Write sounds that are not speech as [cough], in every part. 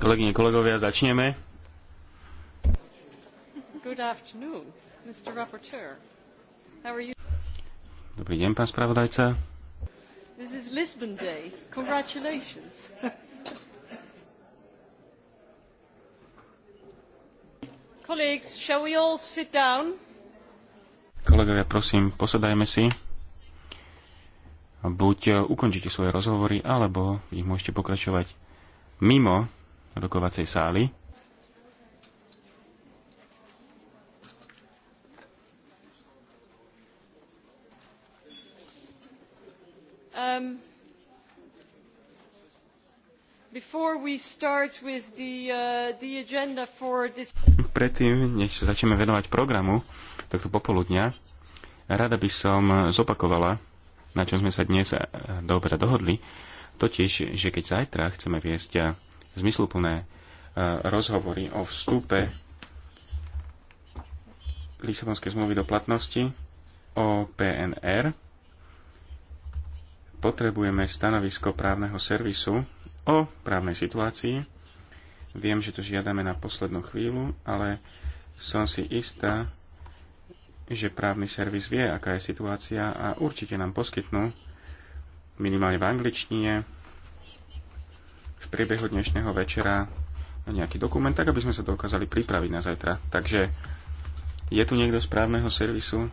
Kolegyne, kolegovia, začneme. Dobrý deň, pán spravodajca. This is Lisbon Day. Congratulations. Colleagues, shall we all sit down? Kolegovia, prosím, posadajme si buď ukončíte svoje rozhovory, alebo ich môžete pokračovať mimo rokovacej sály. Um, the, uh, the this... Predtým, než sa začneme venovať programu tohto popoludňa, rada by som zopakovala na čom sme sa dnes e, dobre dohodli, totiž, že keď zajtra chceme viesť e, zmysluplné e, rozhovory o vstupe Lisabonskej zmluvy do platnosti, o PNR, potrebujeme stanovisko právneho servisu o právnej situácii. Viem, že to žiadame na poslednú chvíľu, ale som si istá, že právny servis vie, aká je situácia a určite nám poskytnú minimálne v angličtine v priebehu dnešného večera nejaký dokument, tak aby sme sa dokázali pripraviť na zajtra. Takže je tu niekto z právneho servisu?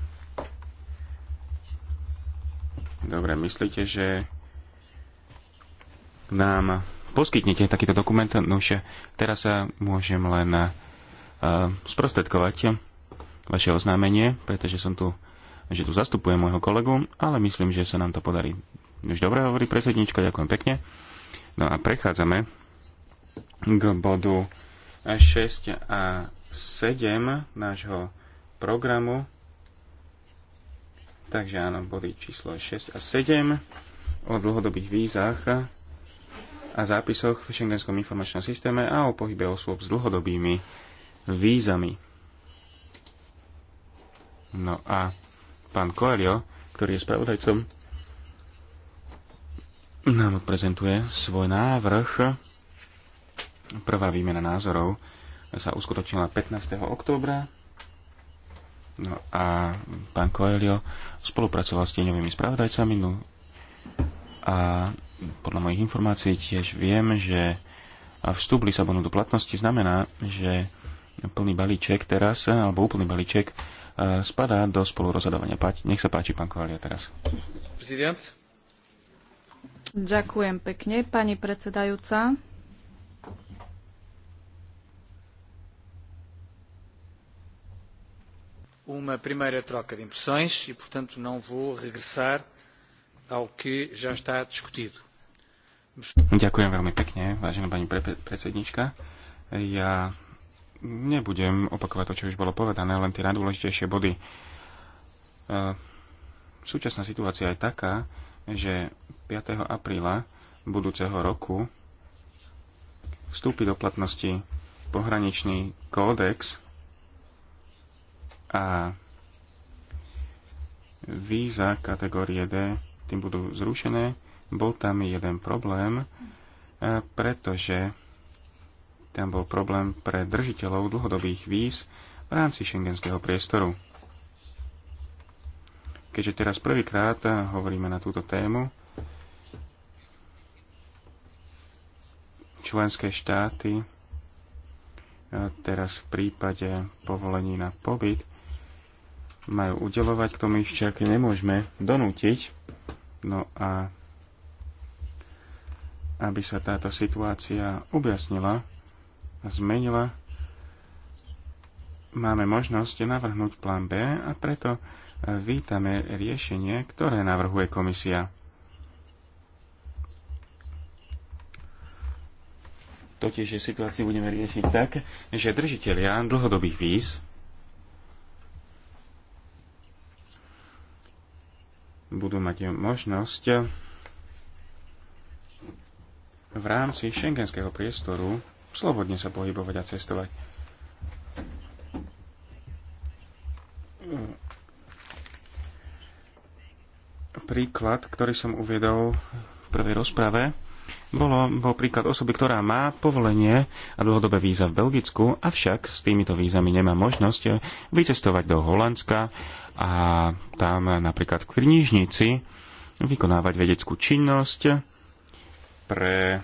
Dobre, myslíte, že nám poskytnete takýto dokument? No už teraz sa môžem len uh, sprostredkovať vaše oznámenie, pretože som tu, že tu zastupujem môjho kolegu, ale myslím, že sa nám to podarí. Už dobre hovorí predsednička, ďakujem pekne. No a prechádzame k bodu 6 a 7 nášho programu. Takže áno, body číslo 6 a 7 o dlhodobých vízach a zápisoch v Schengenskom informačnom systéme a o pohybe osôb s dlhodobými vízami. No a pán Coelho, ktorý je spravodajcom, nám odprezentuje svoj návrh. Prvá výmena názorov sa uskutočnila 15. októbra. No a pán Coelho spolupracoval s tieňovými spravodajcami. No a podľa mojich informácií tiež viem, že vstup Lisabonu do platnosti znamená, že plný balíček teraz, alebo úplný balíček spadá do spolurozhodovania. Nech sa páči, pán Kovalia, teraz. Prezident. Ďakujem pekne, pani predsedajúca. Uma primeira troca de impressões e, portanto, não vou regressar ao que já está discutido. Ďakujem veľmi pekne, vážená pani predsednička. Ja nebudem opakovať to, čo už bolo povedané, len tie najdôležitejšie body. E, súčasná situácia je taká, že 5. apríla budúceho roku vstúpi do platnosti pohraničný kódex a víza kategórie D tým budú zrušené. Bol tam jeden problém, e, pretože tam bol problém pre držiteľov dlhodobých víz v rámci šengenského priestoru. Keďže teraz prvýkrát eh, hovoríme na túto tému, členské štáty eh, teraz v prípade povolení na pobyt majú udelovať, k tomu ich však nemôžeme donútiť. No a aby sa táto situácia objasnila, zmenila. Máme možnosť navrhnúť plán B a preto e, vítame riešenie, ktoré navrhuje komisia. Totiž, že situáciu budeme riešiť tak, že držiteľia dlhodobých víz budú mať možnosť v rámci šengenského priestoru slobodne sa pohybovať a cestovať. Príklad, ktorý som uviedol v prvej rozprave, bolo, bol príklad osoby, ktorá má povolenie a dlhodobé víza v Belgicku, avšak s týmito vízami nemá možnosť vycestovať do Holandska a tam napríklad v knižnici vykonávať vedeckú činnosť pre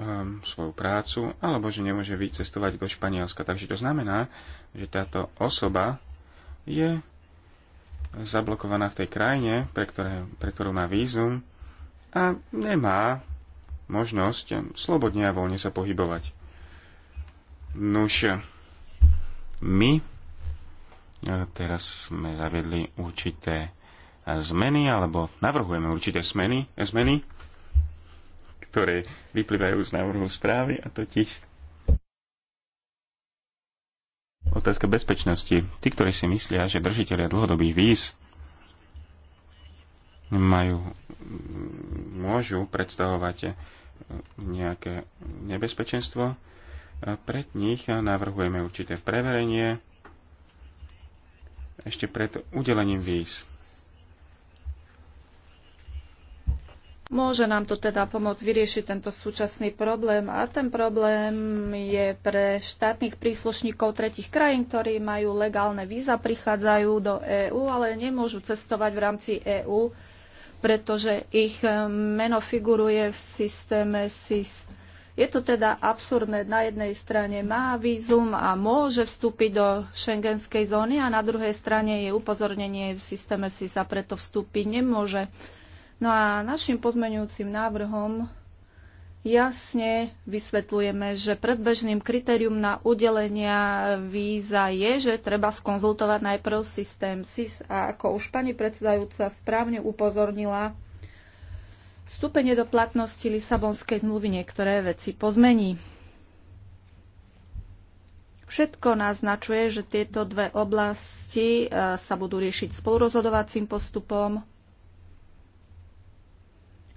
um, svoju prácu, alebo že nemôže vycestovať do Španielska. Takže to znamená, že táto osoba je zablokovaná v tej krajine, pre, ktoré, pre ktorú má vízum a nemá možnosť slobodne a voľne sa pohybovať. Nuž, my eh, teraz sme zaviedli určité zmeny, alebo navrhujeme určité zmeny, zmeny ktoré vyplývajú z návrhu správy a totiž otázka bezpečnosti. Tí, ktorí si myslia, že držiteľia dlhodobých víz majú, môžu predstavovať nejaké nebezpečenstvo, pre nich navrhujeme určité preverenie ešte pred udelením víz Môže nám to teda pomôcť vyriešiť tento súčasný problém a ten problém je pre štátnych príslušníkov tretich krajín, ktorí majú legálne víza, prichádzajú do EÚ, ale nemôžu cestovať v rámci EÚ, pretože ich eh, meno figuruje v systéme SIS. Je to teda absurdné. Na jednej strane má vízum a môže vstúpiť do šengenskej zóny a na druhej strane je upozornenie v systéme SIS a preto vstúpiť nemôže. No a našim pozmeňujúcim návrhom jasne vysvetlujeme, že predbežným kritérium na udelenia víza je, že treba skonzultovať najprv systém SIS a ako už pani predsedajúca správne upozornila, vstúpenie do platnosti Lisabonskej zmluvy niektoré veci pozmení. Všetko naznačuje, že tieto dve oblasti e, sa budú riešiť spolurozhodovacím postupom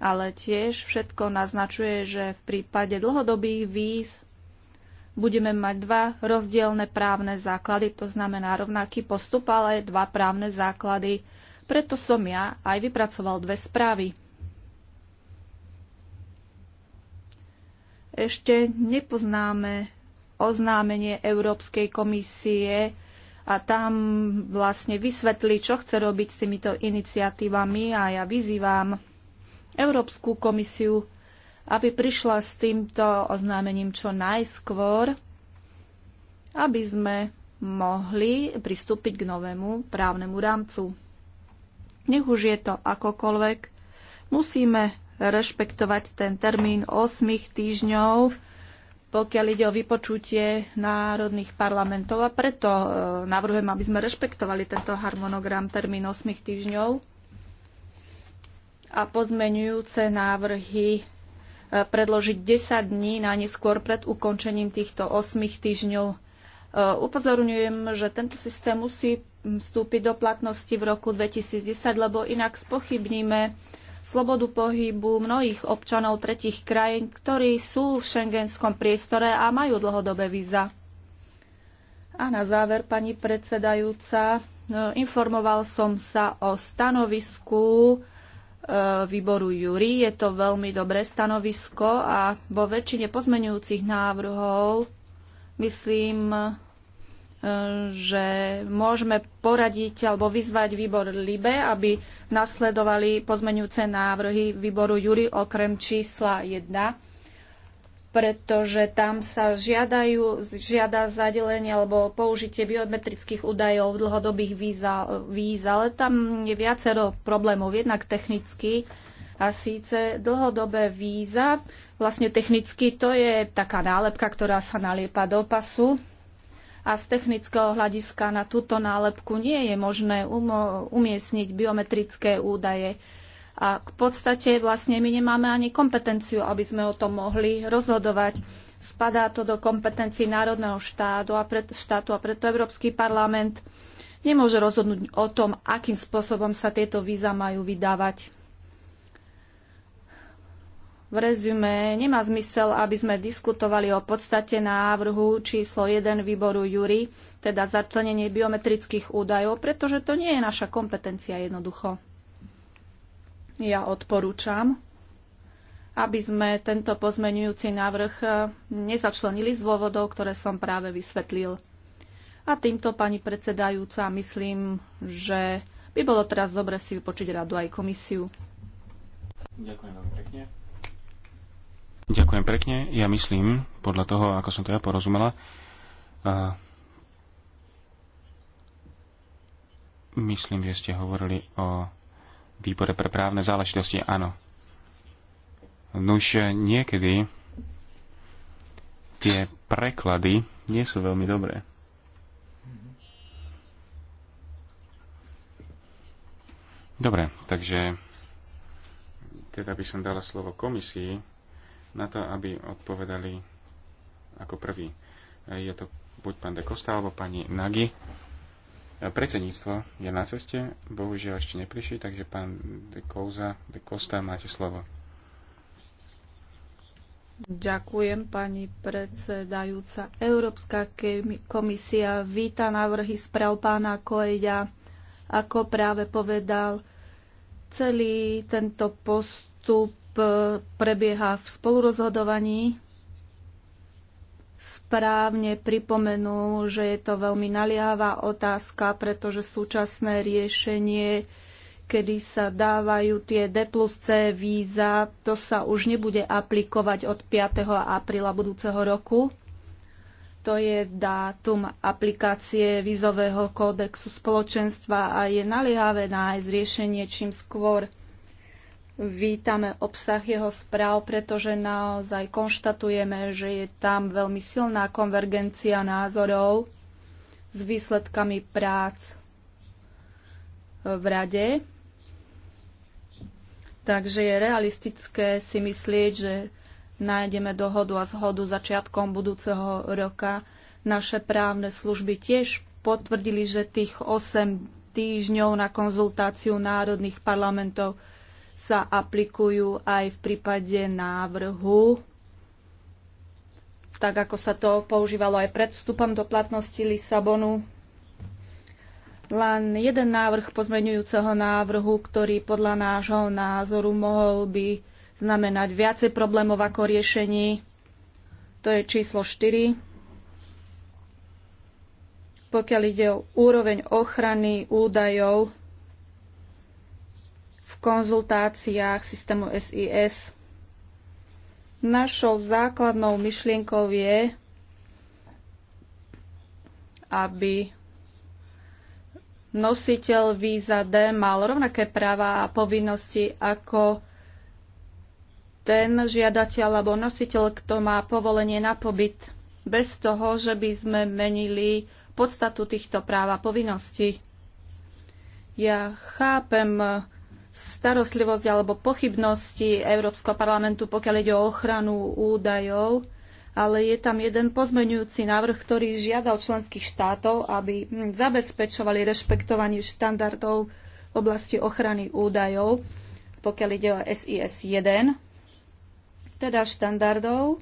ale tiež všetko naznačuje, že v prípade dlhodobých víz budeme mať dva rozdielne právne základy, to znamená rovnaký postup, ale dva právne základy. Preto som ja aj vypracoval dve správy. Ešte nepoznáme oznámenie Európskej komisie a tam vlastne vysvetli, čo chce robiť s týmito iniciatívami a ja vyzývam Európsku komisiu, aby prišla s týmto oznámením čo najskôr, aby sme mohli pristúpiť k novému právnemu rámcu. Nech už je to akokoľvek, musíme rešpektovať ten termín 8 týždňov, pokiaľ ide o vypočutie národných parlamentov a preto e, navrhujem, aby sme rešpektovali tento harmonogram termín 8 týždňov a pozmenujúce návrhy e, predložiť 10 dní na neskôr pred ukončením týchto 8 týždňov. E, upozorňujem, že tento systém musí vstúpiť do platnosti v roku 2010, lebo inak spochybníme slobodu pohybu mnohých občanov tretich krajín, ktorí sú v šengenskom priestore a majú dlhodobé víza. A na záver, pani predsedajúca, e, informoval som sa o stanovisku E, výboru Júri. Je to veľmi dobré stanovisko a vo väčšine pozmenujúcich návrhov myslím, e, že môžeme poradiť alebo vyzvať výbor LIBE, aby nasledovali pozmenujúce návrhy výboru Júri okrem čísla 1 pretože tam sa žiadajú, žiada zadelenie alebo použitie biometrických údajov dlhodobých dlhodobých víz, ale tam je viacero problémov, jednak technicky, a síce dlhodobé víza, vlastne technicky to je taká nálepka, ktorá sa naliepa do pasu a z technického hľadiska na túto nálepku nie je možné umiestniť biometrické údaje. A k podstate vlastne my nemáme ani kompetenciu, aby sme o tom mohli rozhodovať. Spadá to do kompetencií národného štátu a, pred, štátu a preto Európsky parlament nemôže rozhodnúť o tom, akým spôsobom sa tieto víza majú vydávať. V rezume nemá zmysel, aby sme diskutovali o podstate návrhu číslo 1 výboru Jury, teda zatlenenie biometrických údajov, pretože to nie je naša kompetencia jednoducho. Ja odporúčam, aby sme tento pozmenujúci návrh e, nezačlenili z dôvodov, ktoré som práve vysvetlil. A týmto, pani predsedajúca, myslím, že by bolo teraz dobre si vypočiť radu aj komisiu. Ďakujem veľmi pekne. Ďakujem pekne. Ja myslím, podľa toho, ako som to ja porozumela, a myslím, že ste hovorili o výbore pre právne záležitosti áno. Nuž no niekedy tie preklady nie sú veľmi dobré. Dobre, takže teda by som dala slovo komisii na to, aby odpovedali ako prvý. Je to buď pán de Costa alebo pani Nagy predsedníctvo je na ceste, bohužiaľ ešte neprišli, takže pán de, Kouza, de Costa, máte slovo. Ďakujem, pani predsedajúca. Európska komisia víta návrhy správ pána Koeja. Ako práve povedal, celý tento postup eh, prebieha v spolurozhodovaní správne pripomenul, že je to veľmi naliehavá otázka, pretože súčasné riešenie, kedy sa dávajú tie D plus C víza, to sa už nebude aplikovať od 5. apríla budúceho roku. To je dátum aplikácie vízového kódexu spoločenstva a je naliehavé nájsť riešenie čím skôr vítame obsah jeho správ, pretože naozaj konštatujeme, že je tam veľmi silná konvergencia názorov s výsledkami prác v rade. Takže je realistické si myslieť, že nájdeme dohodu a zhodu začiatkom budúceho roka. Naše právne služby tiež potvrdili, že tých 8 týždňov na konzultáciu národných parlamentov sa aplikujú aj v prípade návrhu, tak ako sa to používalo aj pred vstupom do platnosti Lisabonu. Len jeden návrh pozmeňujúceho návrhu, ktorý podľa nášho názoru mohol by znamenať viacej problémov ako riešení. To je číslo 4. Pokiaľ ide o úroveň ochrany údajov, konzultáciách systému SIS. Našou základnou myšlienkou je, aby nositeľ víza D mal rovnaké práva a povinnosti ako ten žiadateľ alebo nositeľ, kto má povolenie na pobyt, bez toho, že by sme menili podstatu týchto práv a povinností. Ja chápem starostlivosť alebo pochybnosti Európskeho parlamentu, pokiaľ ide o ochranu údajov, ale je tam jeden pozmeňujúci návrh, ktorý žiada od členských štátov, aby zabezpečovali rešpektovanie štandardov v oblasti ochrany údajov, pokiaľ ide o SIS 1, teda štandardov,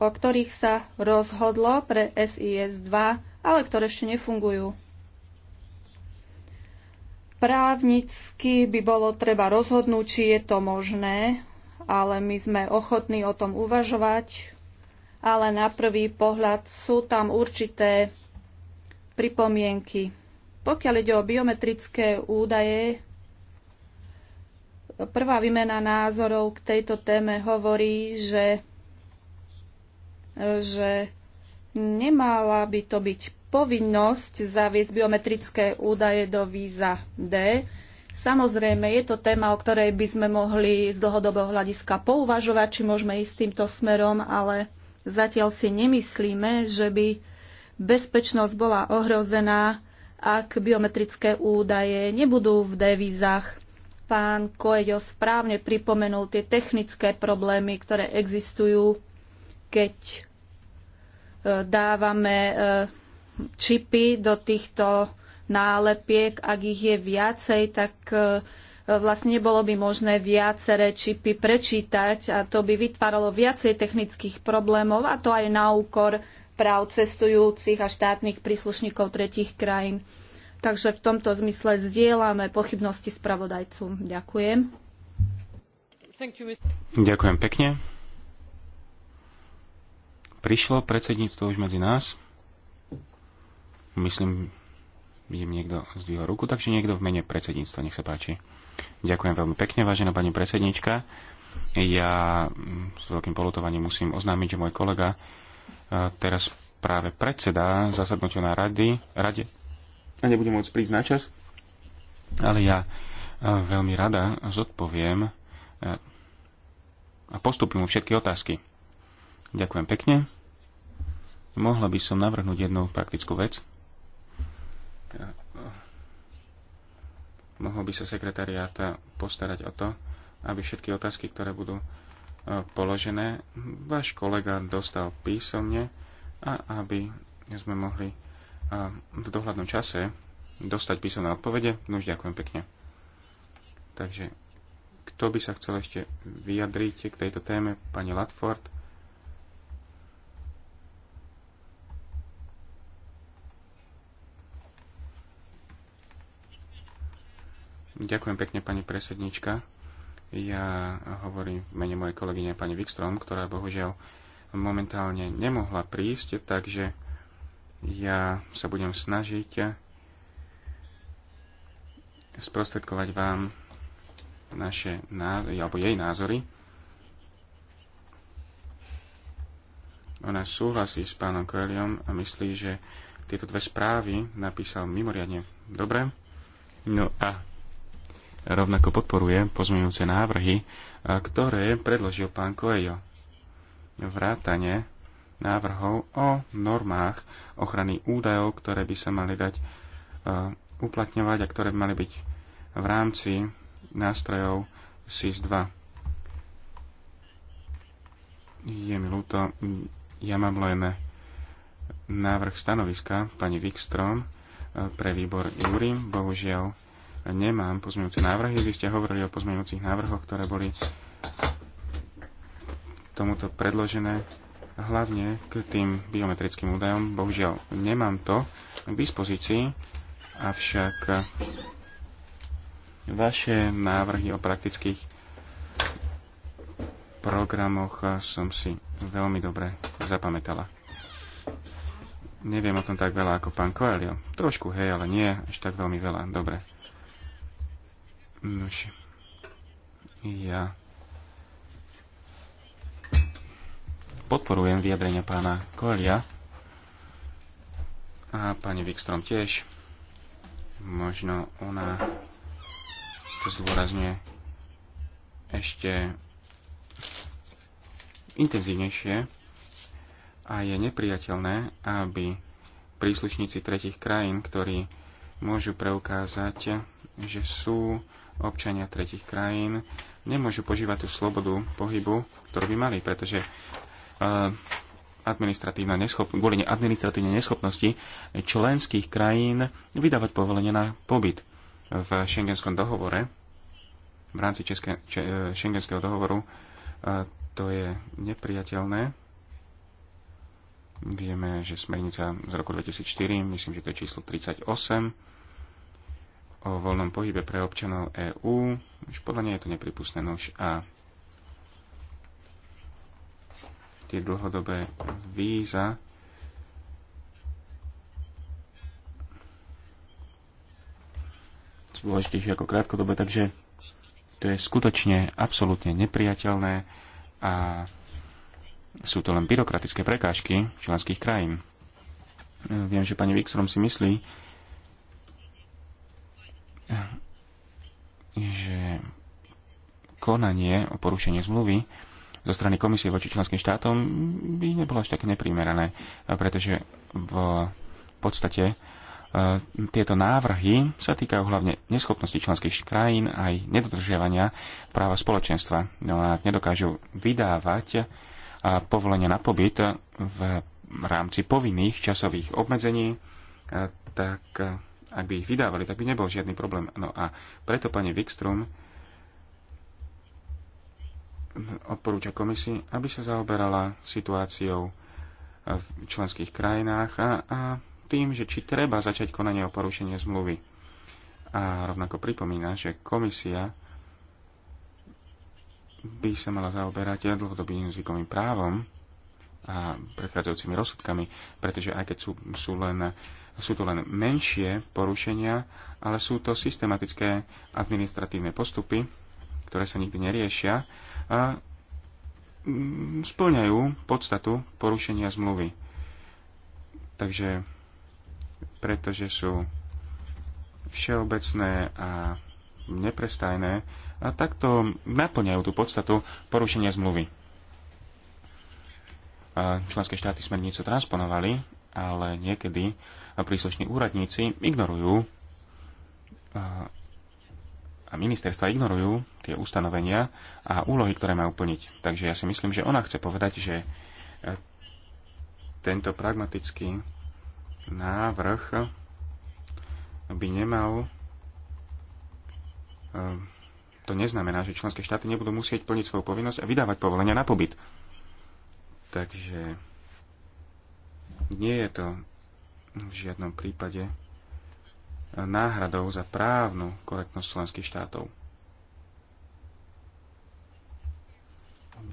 o ktorých sa rozhodlo pre SIS 2, ale ktoré ešte nefungujú. Právnicky by bolo treba rozhodnúť, či je to možné, ale my sme ochotní o tom uvažovať. Ale na prvý pohľad sú tam určité pripomienky. Pokiaľ ide o biometrické údaje, prvá výmena názorov k tejto téme hovorí, že, že nemala by to byť povinnosť zaviesť biometrické údaje do víza D. Samozrejme, je to téma, o ktorej by sme mohli z dlhodobého hľadiska pouvažovať, či môžeme ísť týmto smerom, ale zatiaľ si nemyslíme, že by bezpečnosť bola ohrozená, ak biometrické údaje nebudú v devízach. Pán Koeďo správne pripomenul tie technické problémy, ktoré existujú, keď e, dávame e, čipy do týchto nálepiek, ak ich je viacej, tak e, vlastne nebolo by možné viaceré čipy prečítať a to by vytváralo viacej technických problémov a to aj na úkor práv cestujúcich a štátnych príslušníkov tretich krajín. Takže v tomto zmysle zdieľame pochybnosti spravodajcu. Ďakujem. Ďakujem pekne. Prišlo predsedníctvo už medzi nás. Myslím, vidím niekto zdvihol ruku, takže niekto v mene predsedníctva, nech sa páči. Ďakujem veľmi pekne, vážená pani predsednička. Ja mm, s veľkým polutovaním musím oznámiť, že môj kolega e, teraz práve predseda zasadnutia na rady, rade a nebudem môcť prísť na čas. Ale ja e, veľmi rada zodpoviem e, a postupím mu všetky otázky. Ďakujem pekne. Mohla by som navrhnúť jednu praktickú vec. mohol by sa sekretariát postarať o to, aby všetky otázky, ktoré budú e, položené, váš kolega dostal písomne a aby sme mohli e, v dohľadnom čase dostať písomné odpovede. No už ďakujem pekne. Takže kto by sa chcel ešte vyjadriť k tejto téme? Pani Latford? Ďakujem pekne, pani predsednička. Ja hovorím v mene mojej kolegyne pani Wikström, ktorá bohužiaľ momentálne nemohla prísť, takže ja sa budem snažiť sprostredkovať vám naše názory, alebo jej názory. Ona súhlasí s pánom Coeliom a myslí, že tieto dve správy napísal mimoriadne dobre. No a rovnako podporuje pozmeňujúce návrhy, e, ktoré predložil pán Coelho. Vrátane návrhov o normách ochrany údajov, ktoré by sa mali dať e, uplatňovať a ktoré by mali byť v rámci nástrojov SIS-2. Je mi ľúto, ja mám len návrh stanoviska pani Wikstrom e, pre výbor Júri. Bohužiaľ, nemám pozmeňujúce návrhy. Vy ste hovorili o pozmeňujúcich návrhoch, ktoré boli tomuto predložené hlavne k tým biometrickým údajom. Bohužiaľ, nemám to k dispozícii, avšak vaše návrhy o praktických programoch som si veľmi dobre zapamätala. Neviem o tom tak veľa ako pán Coelho. Trošku, hej, ale nie až tak veľmi veľa. Dobre. Nož. Ja podporujem vyjadrenia pána Kolia a pani Wikstrom tiež. Možno ona to zdôrazňuje ešte intenzívnejšie a je nepriateľné, aby príslušníci tretich krajín, ktorí môžu preukázať, že sú občania tretich krajín nemôžu požívať tú slobodu pohybu, ktorú by mali, pretože eh, administratívna neschop- kvôli administratívnej neschopnosti členských krajín vydávať povolenie na pobyt. V šengenskom dohovore, v rámci České, če, šengenského eh, dohovoru, eh, to je nepriateľné. Vieme, že smernica z roku 2004, myslím, že to je číslo 38, o voľnom pohybe pre občanov EÚ. Už podľa nej je to nepripustné nož a tie dlhodobé víza sú dôležitejšie ako krátkodobé, takže to je skutočne absolútne nepriateľné a sú to len byrokratické prekážky členských krajín. Viem, že pani Wikstrom si myslí, že konanie o porušení zmluvy zo strany komisie voči členským štátom by nebolo až také neprimerané, pretože v podstate e, tieto návrhy sa týkajú hlavne neschopnosti členských krajín aj nedodržiavania práva spoločenstva. No a nedokážu vydávať e, povolenia na pobyt v rámci povinných časových obmedzení, e, tak ak by ich vydávali, tak by nebol žiadny problém. No a preto pani Wikström odporúča komisii, aby sa zaoberala situáciou v členských krajinách a, a tým, že či treba začať konanie o porušenie zmluvy. A rovnako pripomína, že komisia by sa mala zaoberať dlhodobým zvykovým právom a prechádzajúcimi rozsudkami, pretože aj keď sú, sú len sú to len menšie porušenia, ale sú to systematické administratívne postupy, ktoré sa nikdy neriešia a mm, splňajú podstatu porušenia zmluvy. Takže pretože sú všeobecné a neprestajné a takto naplňajú tú podstatu porušenia zmluvy. A členské štáty smernicu transponovali, ale niekedy a príslušní úradníci ignorujú a ministerstva ignorujú tie ustanovenia a úlohy, ktoré majú plniť. Takže ja si myslím, že ona chce povedať, že e, tento pragmatický návrh by nemal e, to neznamená, že členské štáty nebudú musieť plniť svoju povinnosť a vydávať povolenia na pobyt. Takže nie je to v žiadnom prípade náhradou za právnu korektnosť členských štátov.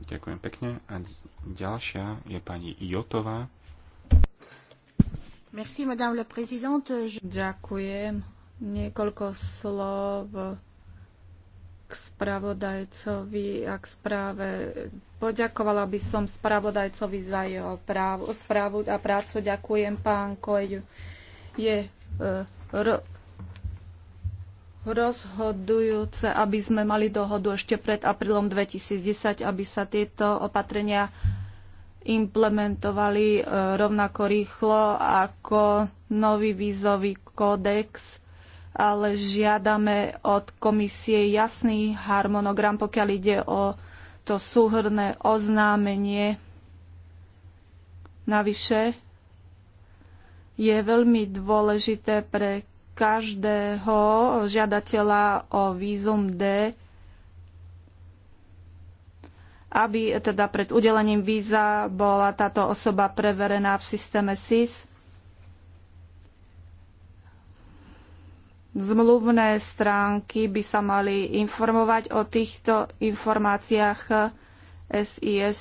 Ďakujem pekne. A ďalšia je pani Jotová. Merci, madame la présidente. Ďakujem. Niekoľko slov k spravodajcovi a k správe. Poďakovala by som spravodajcovi za jeho právo, správu a prácu. Ďakujem, pán Koju. Je eh, ro, rozhodujúce, aby sme mali dohodu ešte pred aprílom 2010, aby sa tieto opatrenia implementovali eh, rovnako rýchlo ako nový vízový kódex ale žiadame od komisie jasný harmonogram, pokiaľ ide o to súhrné oznámenie. Navyše je veľmi dôležité pre každého žiadateľa o vízum D, aby teda pred udelením víza bola táto osoba preverená v systéme SIS zmluvné stránky by sa mali informovať o týchto informáciách SIS.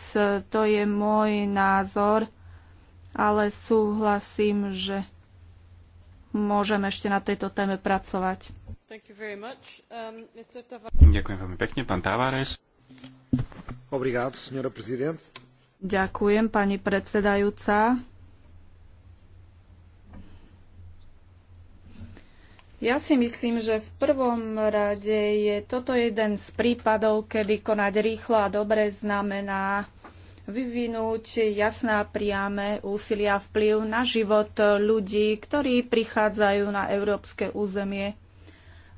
To je môj názor, ale súhlasím, že môžeme ešte na tejto téme pracovať. Um, Ďakujem veľmi pekne, pán Tavares. Obrigado, Ďakujem, pani predsedajúca. Ja si myslím, že v prvom rade je toto jeden z prípadov, kedy konať rýchlo a dobre znamená vyvinúť jasná priame úsilia vplyv na život ľudí, ktorí prichádzajú na európske územie.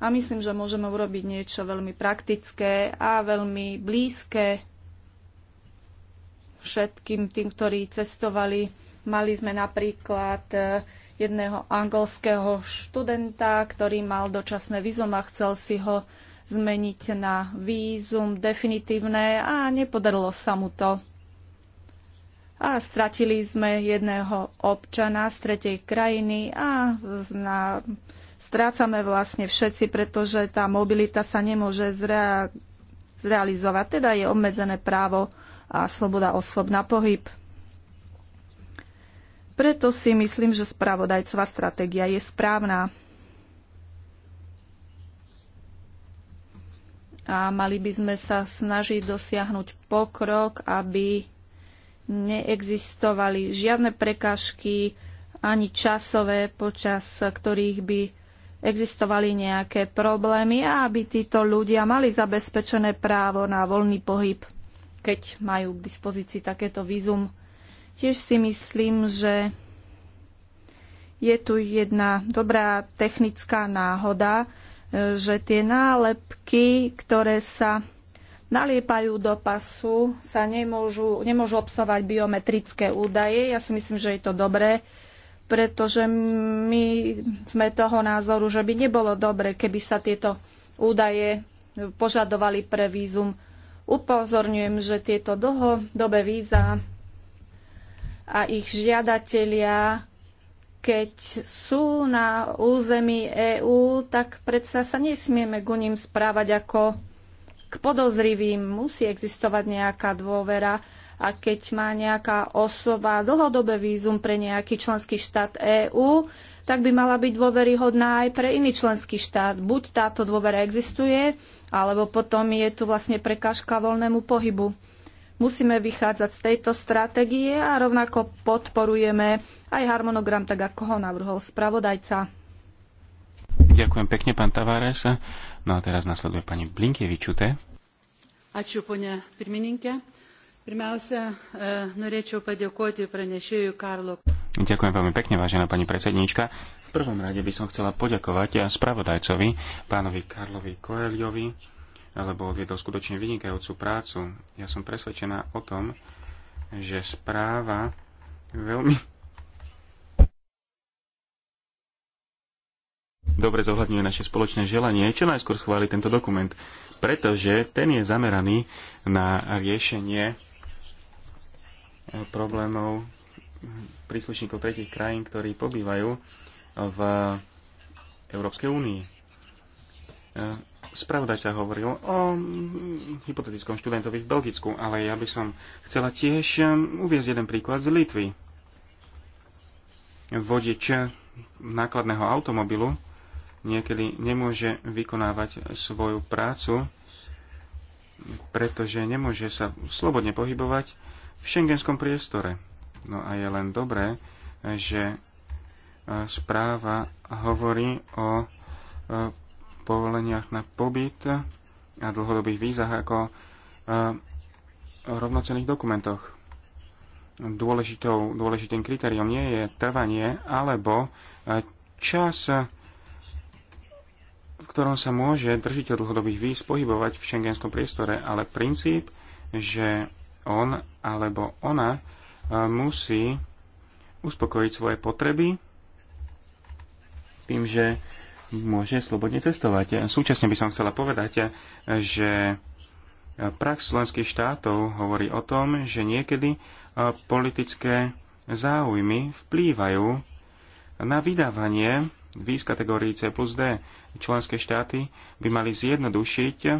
A myslím, že môžeme urobiť niečo veľmi praktické a veľmi blízke všetkým tým, ktorí cestovali. Mali sme napríklad jedného angolského študenta, ktorý mal dočasné vízum a chcel si ho zmeniť na vízum definitívne a nepodarilo sa mu to. A stratili sme jedného občana z tretej krajiny a na, strácame vlastne všetci, pretože tá mobilita sa nemôže zrea, zrealizovať. Teda je obmedzené právo a sloboda osôb na pohyb. Preto si myslím, že spravodajcová stratégia je správna. A mali by sme sa snažiť dosiahnuť pokrok, aby neexistovali žiadne prekážky, ani časové, počas ktorých by existovali nejaké problémy a aby títo ľudia mali zabezpečené právo na voľný pohyb, keď majú k dispozícii takéto vízum. Tiež si myslím, že je tu jedna dobrá technická náhoda, e, že tie nálepky, ktoré sa naliepajú do pasu, sa nemôžu, nemôžu obsahovať biometrické údaje. Ja si myslím, že je to dobré, pretože my sme toho názoru, že by nebolo dobré, keby sa tieto údaje požadovali pre vízum. Upozorňujem, že tieto dlhodobé víza a ich žiadatelia, keď sú na území EÚ, tak predsa sa nesmieme k ním správať ako k podozrivým. Musí existovať nejaká dôvera a keď má nejaká osoba dlhodobé vízum pre nejaký členský štát EÚ, tak by mala byť dôveryhodná aj pre iný členský štát. Buď táto dôvera existuje, alebo potom je tu vlastne prekážka voľnému pohybu. Musíme vychádzať z tejto stratégie a rovnako podporujeme aj harmonogram, tak ako ho navrhol spravodajca. Ďakujem pekne, pán Tavares. No a teraz nasleduje pani Blinkievičute. Ačiū, ponia pirmininkė. Pirmiausia, e, norėčiau padėkoti pranešėjui Karlo. Ďakujem veľmi pekne, vážená pani predsedníčka. V prvom rade by som chcela poďakovať spravodajcovi, pánovi Karlovi Koeliovi, alebo odviedol skutočne vynikajúcu prácu. Ja som presvedčená o tom, že správa veľmi dobre zohľadňuje naše spoločné želanie čo najskôr schváli tento dokument, pretože ten je zameraný na riešenie problémov príslušníkov tretich krajín, ktorí pobývajú v Európskej únii. Spravodajca hovoril o hypotetickom študentovi v Belgicku, ale ja by som chcela tiež um, uviezť jeden príklad z Litvy. Vodič nákladného automobilu niekedy nemôže vykonávať svoju prácu, pretože nemôže sa slobodne pohybovať v šengenskom priestore. No a je len dobré, že uh, správa hovorí o uh, povoleniach na pobyt a dlhodobých vízach ako e, rovnocených dokumentoch. Dôležitou, dôležitým kritériom nie je trvanie alebo e, čas, v ktorom sa môže držiteľ dlhodobých víz pohybovať v šengenskom priestore, ale princíp, že on alebo ona e, musí uspokojiť svoje potreby tým, že môže slobodne cestovať. Súčasne by som chcela povedať, že prax členských štátov hovorí o tom, že niekedy e, politické záujmy vplývajú na vydávanie víz kategórií C plus D. Členské štáty by mali zjednodušiť e,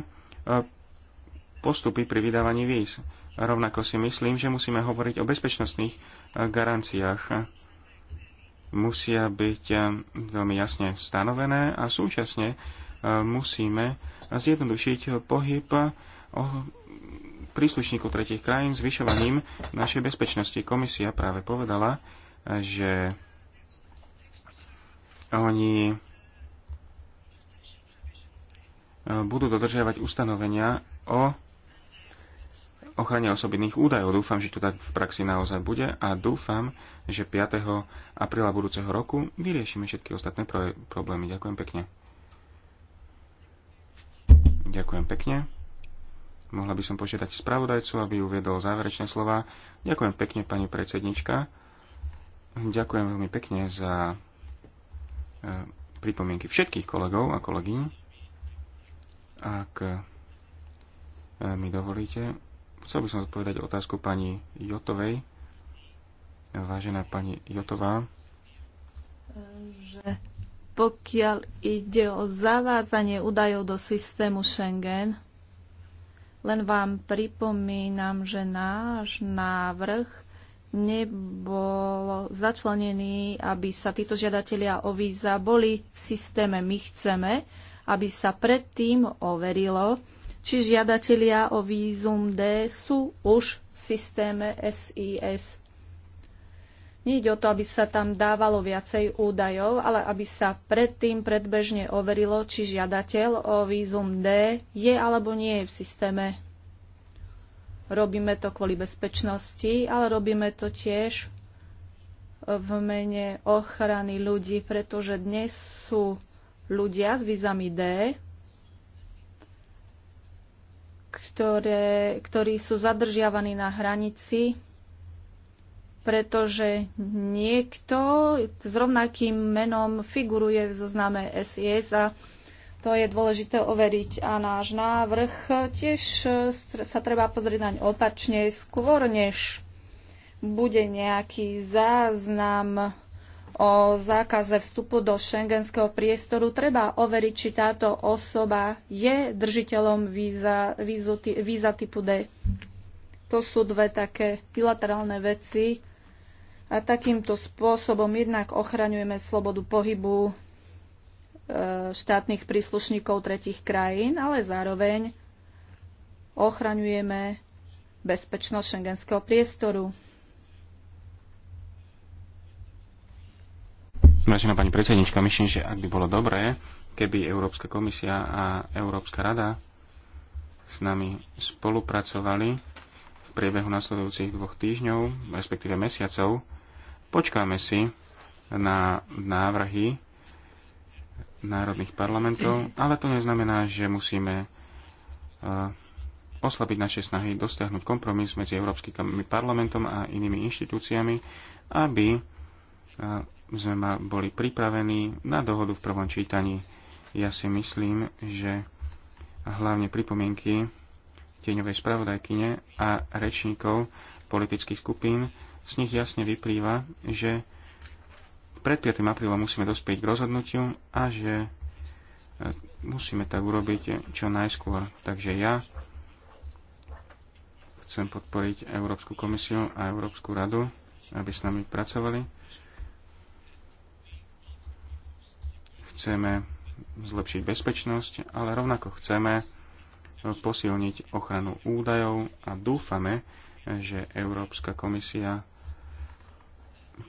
postupy pri vydávaní víz. Rovnako si myslím, že musíme hovoriť o bezpečnostných e, garanciách musia byť eh, veľmi jasne stanovené a súčasne eh, musíme zjednodušiť pohyb eh, príslušníkov tretich krajín zvyšovaním našej bezpečnosti. Komisia práve povedala, že oni budú dodržiavať ustanovenia o ochrane osobitných údajov. Dúfam, že to tak v praxi naozaj bude a dúfam, že 5. apríla budúceho roku vyriešime všetky ostatné pro- problémy. Ďakujem pekne. Ďakujem pekne. Mohla by som požiadať spravodajcu, aby uviedol záverečné slova. Ďakujem pekne, pani predsednička. Ďakujem veľmi pekne za e, pripomienky všetkých kolegov a kolegyň. Ak e, mi dovolíte, chcel by som zodpovedať otázku pani Jotovej vážená pani Jotová, že pokiaľ ide o zavádzanie údajov do systému Schengen, len vám pripomínam, že náš návrh nebol začlenený, aby sa títo žiadatelia o víza boli v systéme My chceme, aby sa predtým overilo, či žiadatelia o vízum D sú už v systéme SIS Nejde o to, aby sa tam dávalo viacej údajov, ale aby sa predtým predbežne overilo, či žiadateľ o vízum D je alebo nie je v systéme. Robíme to kvôli bezpečnosti, ale robíme to tiež v mene ochrany ľudí, pretože dnes sú ľudia s vízami D, ktoré, ktorí sú zadržiavaní na hranici pretože niekto s rovnakým menom figuruje v zozname SIS a to je dôležité overiť. A náš návrh tiež sa treba pozrieť naň opačne, skôr než bude nejaký záznam o zákaze vstupu do šengenského priestoru, treba overiť, či táto osoba je držiteľom víza, vízu, víza typu D. To sú dve také bilaterálne veci, a takýmto spôsobom jednak ochraňujeme slobodu pohybu e, štátnych príslušníkov tretich krajín, ale zároveň ochraňujeme bezpečnosť šengenského priestoru. Vážená pani predsednička, myslím, že ak by bolo dobré, keby Európska komisia a Európska rada s nami spolupracovali v priebehu nasledujúcich dvoch týždňov, respektíve mesiacov, Počkáme si na návrhy národných parlamentov, ale to neznamená, že musíme eh, oslabiť naše snahy dosiahnuť kompromis medzi Európskym parlamentom a inými inštitúciami, aby eh, sme boli pripravení na dohodu v prvom čítaní. Ja si myslím, že hlavne pripomienky tieňovej spravodajkyne a rečníkov politických skupín z nich jasne vyplýva, že pred 5. aprílom musíme dospieť k rozhodnutiu a že e, musíme tak urobiť čo najskôr. Takže ja chcem podporiť Európsku komisiu a Európsku radu, aby s nami pracovali. Chceme zlepšiť bezpečnosť, ale rovnako chceme posilniť ochranu údajov a dúfame, že Európska komisia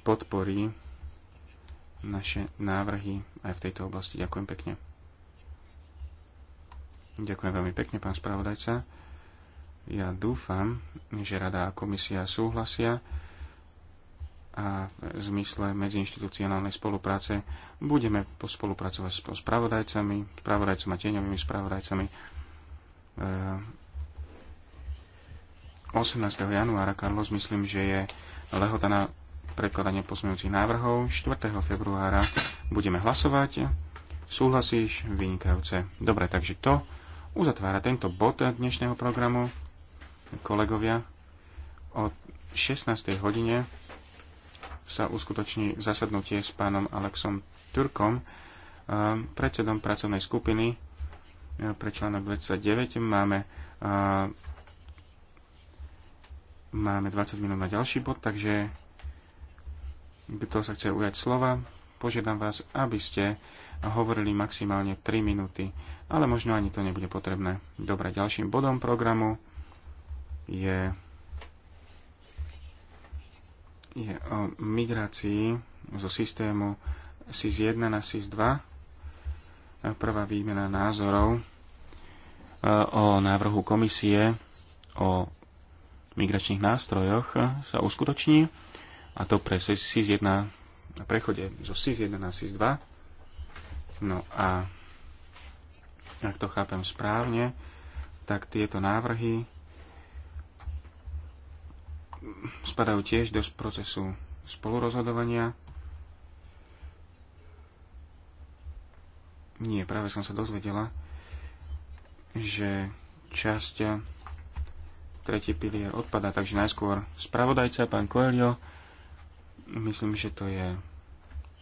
podporí naše návrhy aj v tejto oblasti. Ďakujem pekne. Ďakujem veľmi pekne, pán spravodajca. Ja dúfam, že Rada a komisia súhlasia a v zmysle medziinstitucionálnej spolupráce budeme spolupracovať s spravodajcami, spravodajcami a tieňovými spravodajcami e, 18. januára, Carlos, myslím, že je lehota na prekladanie pozmeňujúcich návrhov. 4. februára budeme hlasovať. Súhlasíš? Vynikajúce. Dobre, takže to uzatvára tento bod dnešného programu. Kolegovia, o 16. hodine sa uskutoční zasadnutie s pánom Alexom Turkom, eh, predsedom pracovnej skupiny eh, pre článok 29. Máme eh, Máme 20 minút na ďalší bod, takže kto sa chce ujať slova, požiadam vás, aby ste hovorili maximálne 3 minúty, ale možno ani to nebude potrebné. Dobre, ďalším bodom programu je, je o migrácii zo systému SIS-1 na SIS-2. Prvá výmena názorov e, o návrhu komisie o migračných nástrojoch sa uskutoční a to pre SIS-1 na prechode zo SIS-1 na SIS-2. No a ak to chápem správne, tak tieto návrhy spadajú tiež do procesu spolurozhodovania. Nie, práve som sa dozvedela, že časť tretí pilier odpada, takže najskôr spravodajca, pán Coelho. Myslím, že to je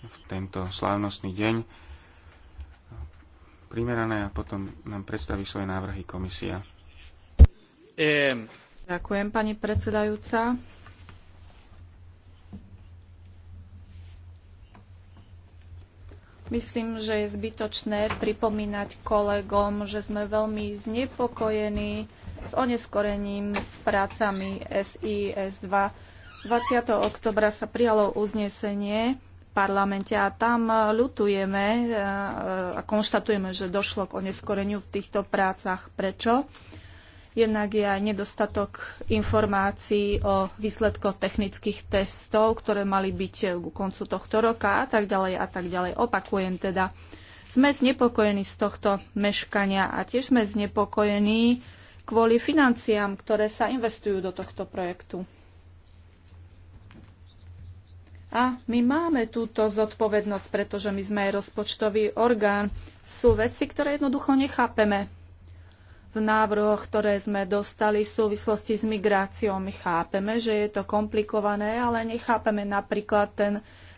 v tento slávnostný deň primerané a potom nám predstaví svoje návrhy komisia. Ďakujem, pani predsedajúca. Myslím, že je zbytočné pripomínať kolegom, že sme veľmi znepokojení s oneskorením s prácami SIS-2. 20. oktobra sa prijalo uznesenie v parlamente a tam ľutujeme e, a konštatujeme, že došlo k oneskoreniu v týchto prácach. Prečo? Jednak je aj nedostatok informácií o výsledkoch technických testov, ktoré mali byť ku koncu tohto roka a tak ďalej a tak ďalej. Opakujem teda, sme znepokojení z tohto meškania a tiež sme znepokojení kvôli financiám, ktoré sa investujú do tohto projektu. A my máme túto zodpovednosť, pretože my sme aj rozpočtový orgán. Sú veci, ktoré jednoducho nechápeme. V návrhoch, ktoré sme dostali v súvislosti s migráciou, my chápeme, že je to komplikované, ale nechápeme napríklad ten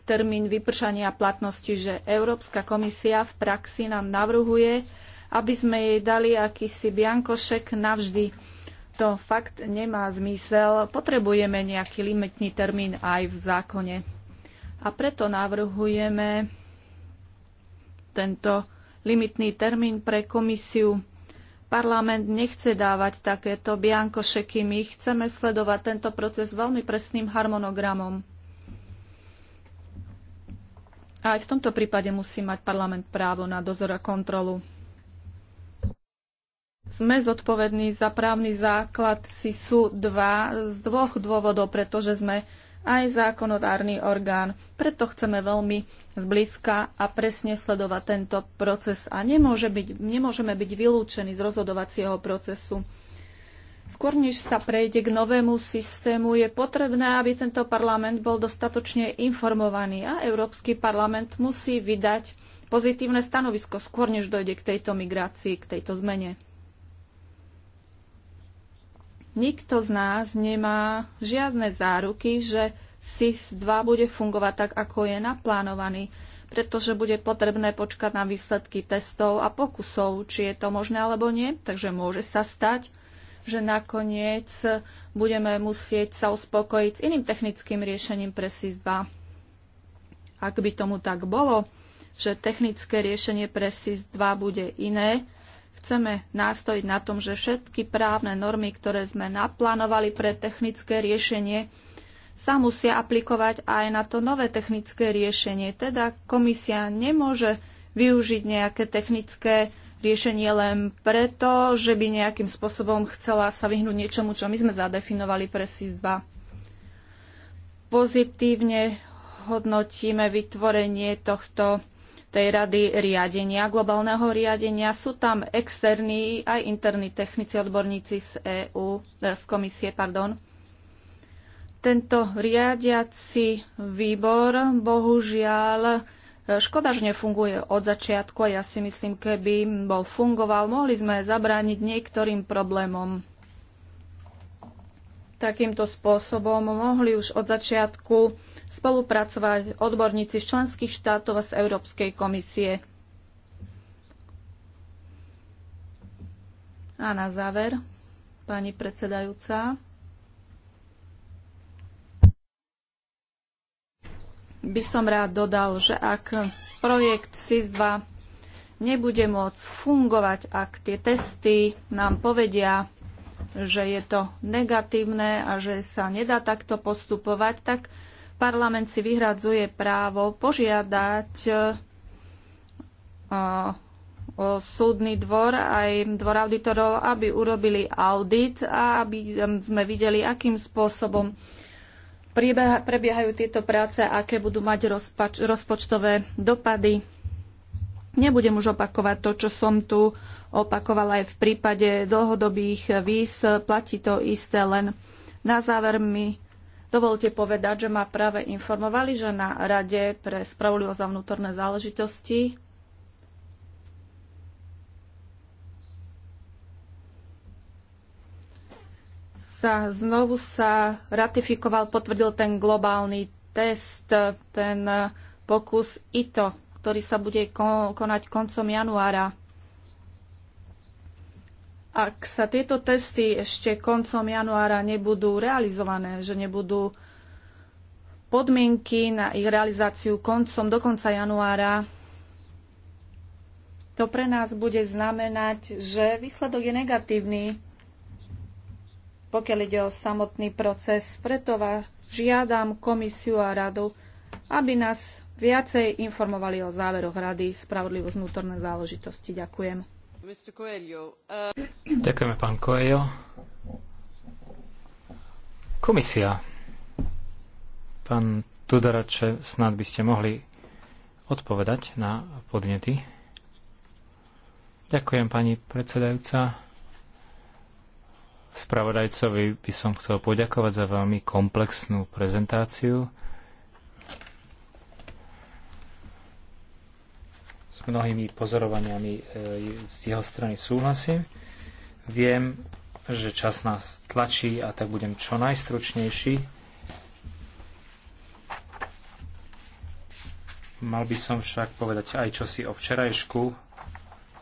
termín vypršania platnosti, že Európska komisia v praxi nám navrhuje, aby sme jej dali akýsi biankošek navždy. To fakt nemá zmysel. Potrebujeme nejaký limitný termín aj v zákone. A preto navrhujeme tento limitný termín pre komisiu. Parlament nechce dávať takéto biankošeky. My chceme sledovať tento proces veľmi presným harmonogramom. A aj v tomto prípade musí mať parlament právo na dozor a kontrolu sme zodpovední za právny základ SISu 2 z dvoch dôvodov, pretože sme aj zákonodárny orgán. Preto chceme veľmi zblízka a presne sledovať tento proces a nemôže byť, nemôžeme byť vylúčení z rozhodovacieho procesu. Skôr než sa prejde k novému systému, je potrebné, aby tento parlament bol dostatočne informovaný a Európsky parlament musí vydať pozitívne stanovisko skôr, než dojde k tejto migrácii, k tejto zmene. Nikto z nás nemá žiadne záruky, že SIS-2 bude fungovať tak, ako je naplánovaný, pretože bude potrebné počkať na výsledky testov a pokusov, či je to možné alebo nie. Takže môže sa stať, že nakoniec budeme musieť sa uspokojiť s iným technickým riešením pre SIS-2. Ak by tomu tak bolo, že technické riešenie pre SIS-2 bude iné, Chceme nástojiť na tom, že všetky právne normy, ktoré sme naplánovali pre technické riešenie, sa musia aplikovať aj na to nové technické riešenie. Teda komisia nemôže využiť nejaké technické riešenie len preto, že by nejakým spôsobom chcela sa vyhnúť niečomu, čo my sme zadefinovali pre SIS-2. Pozitívne hodnotíme vytvorenie tohto tej rady riadenia, globálneho riadenia. Sú tam externí aj interní technici, odborníci z EU, e, z komisie, pardon. Tento riadiaci výbor, bohužiaľ, e, Škoda, že nefunguje od začiatku a ja si myslím, keby bol fungoval, mohli sme zabrániť niektorým problémom. Takýmto spôsobom mohli už od začiatku spolupracovať odborníci z členských štátov a z Európskej komisie. A na záver, pani predsedajúca, by som rád dodal, že ak projekt SIS-2 nebude môcť fungovať, ak tie testy nám povedia, že je to negatívne a že sa nedá takto postupovať, tak parlament si vyhradzuje právo požiadať e, o súdny dvor aj dvor auditorov, aby urobili audit a aby sme videli, akým spôsobom prebiehajú tieto práce, aké budú mať rozpočtové dopady Nebudem už opakovať to, čo som tu opakovala aj v prípade dlhodobých víz. Platí to isté, len na záver mi dovolte povedať, že ma práve informovali, že na Rade pre spravodlivosť za vnútorné záležitosti sa znovu sa ratifikoval, potvrdil ten globálny test, ten pokus ITO ktorý sa bude konať koncom januára. Ak sa tieto testy ešte koncom januára nebudú realizované, že nebudú podmienky na ich realizáciu koncom do konca januára, to pre nás bude znamenať, že výsledok je negatívny, pokiaľ ide o samotný proces. Preto vás žiadam komisiu a radu, aby nás viacej informovali o záveroch Rady Spravodlivosť vnútorné záležitosti. Ďakujem. Uh, Ďakujeme, pán Coelho. Komisia. Pán Tudarače, snad by ste mohli odpovedať na podnety. Ďakujem, pani predsedajúca. Spravodajcovi by som chcel poďakovať za veľmi komplexnú prezentáciu s mnohými pozorovaniami e, z jeho strany súhlasím. Viem, že čas nás tlačí a tak budem čo najstručnejší. Mal by som však povedať aj čosi o včerajšku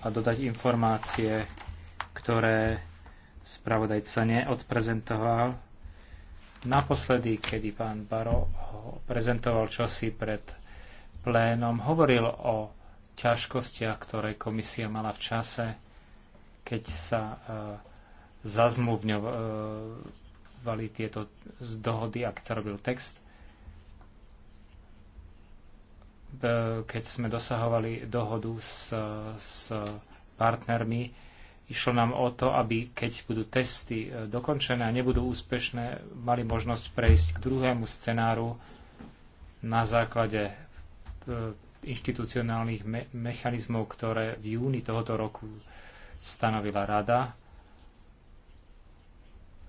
a dodať informácie, ktoré spravodajca neodprezentoval. Naposledy, kedy pán Baro prezentoval čosi pred plénom, hovoril o ťažkostiach, ktoré komisia mala v čase, keď sa e, zazmluvňovali tieto z dohody a keď sa robil text. E, keď sme dosahovali dohodu s, s partnermi, išlo nám o to, aby keď budú testy e, dokončené a nebudú úspešné, mali možnosť prejsť k druhému scenáru na základe inštitucionálnych me- mechanizmov, ktoré v júni tohoto roku stanovila rada.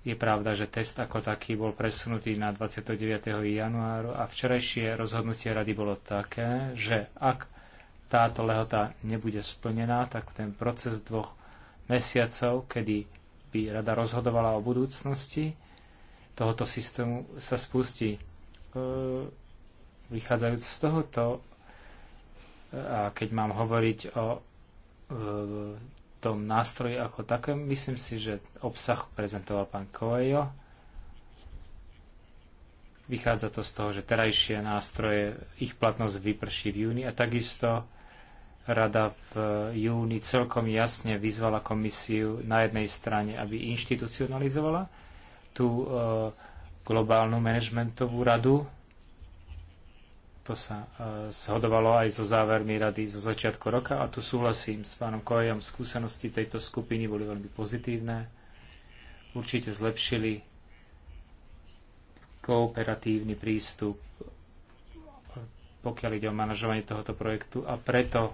Je pravda, že test ako taký bol presunutý na 29. januáru a včerajšie rozhodnutie rady bolo také, že ak táto lehota nebude splnená, tak ten proces dvoch mesiacov, kedy by rada rozhodovala o budúcnosti tohoto systému, sa spustí. E, vychádzajúc z tohoto a keď mám hovoriť o e, tom nástroji ako takom, myslím si, že obsah prezentoval pán Coelho. Vychádza to z toho, že terajšie nástroje, ich platnosť vyprší v júni a takisto Rada v júni celkom jasne vyzvala komisiu na jednej strane, aby inštitucionalizovala tú e, globálnu manažmentovú radu to sa e, shodovalo aj so závermi rady zo začiatku roka a tu súhlasím s pánom Kojom. Skúsenosti tejto skupiny boli veľmi pozitívne. Určite zlepšili kooperatívny prístup, pokiaľ ide o manažovanie tohoto projektu a preto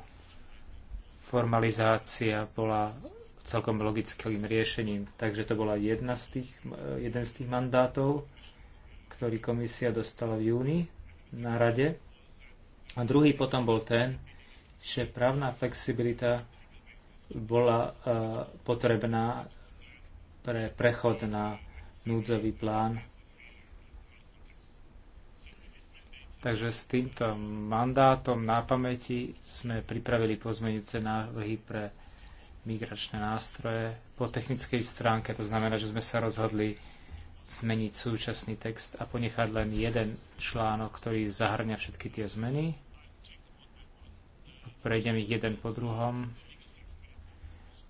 formalizácia bola celkom logickým riešením. Takže to bola jedna z tých, jeden z tých mandátov, ktorý komisia dostala v júni na rade. A druhý potom bol ten, že právna flexibilita bola e, potrebná pre prechod na núdzový plán. Takže s týmto mandátom na pamäti sme pripravili pozmeňujúce návrhy pre migračné nástroje po technickej stránke. To znamená, že sme sa rozhodli zmeniť súčasný text a ponechať len jeden článok, ktorý zahrňa všetky tie zmeny. Prejdem ich jeden po druhom.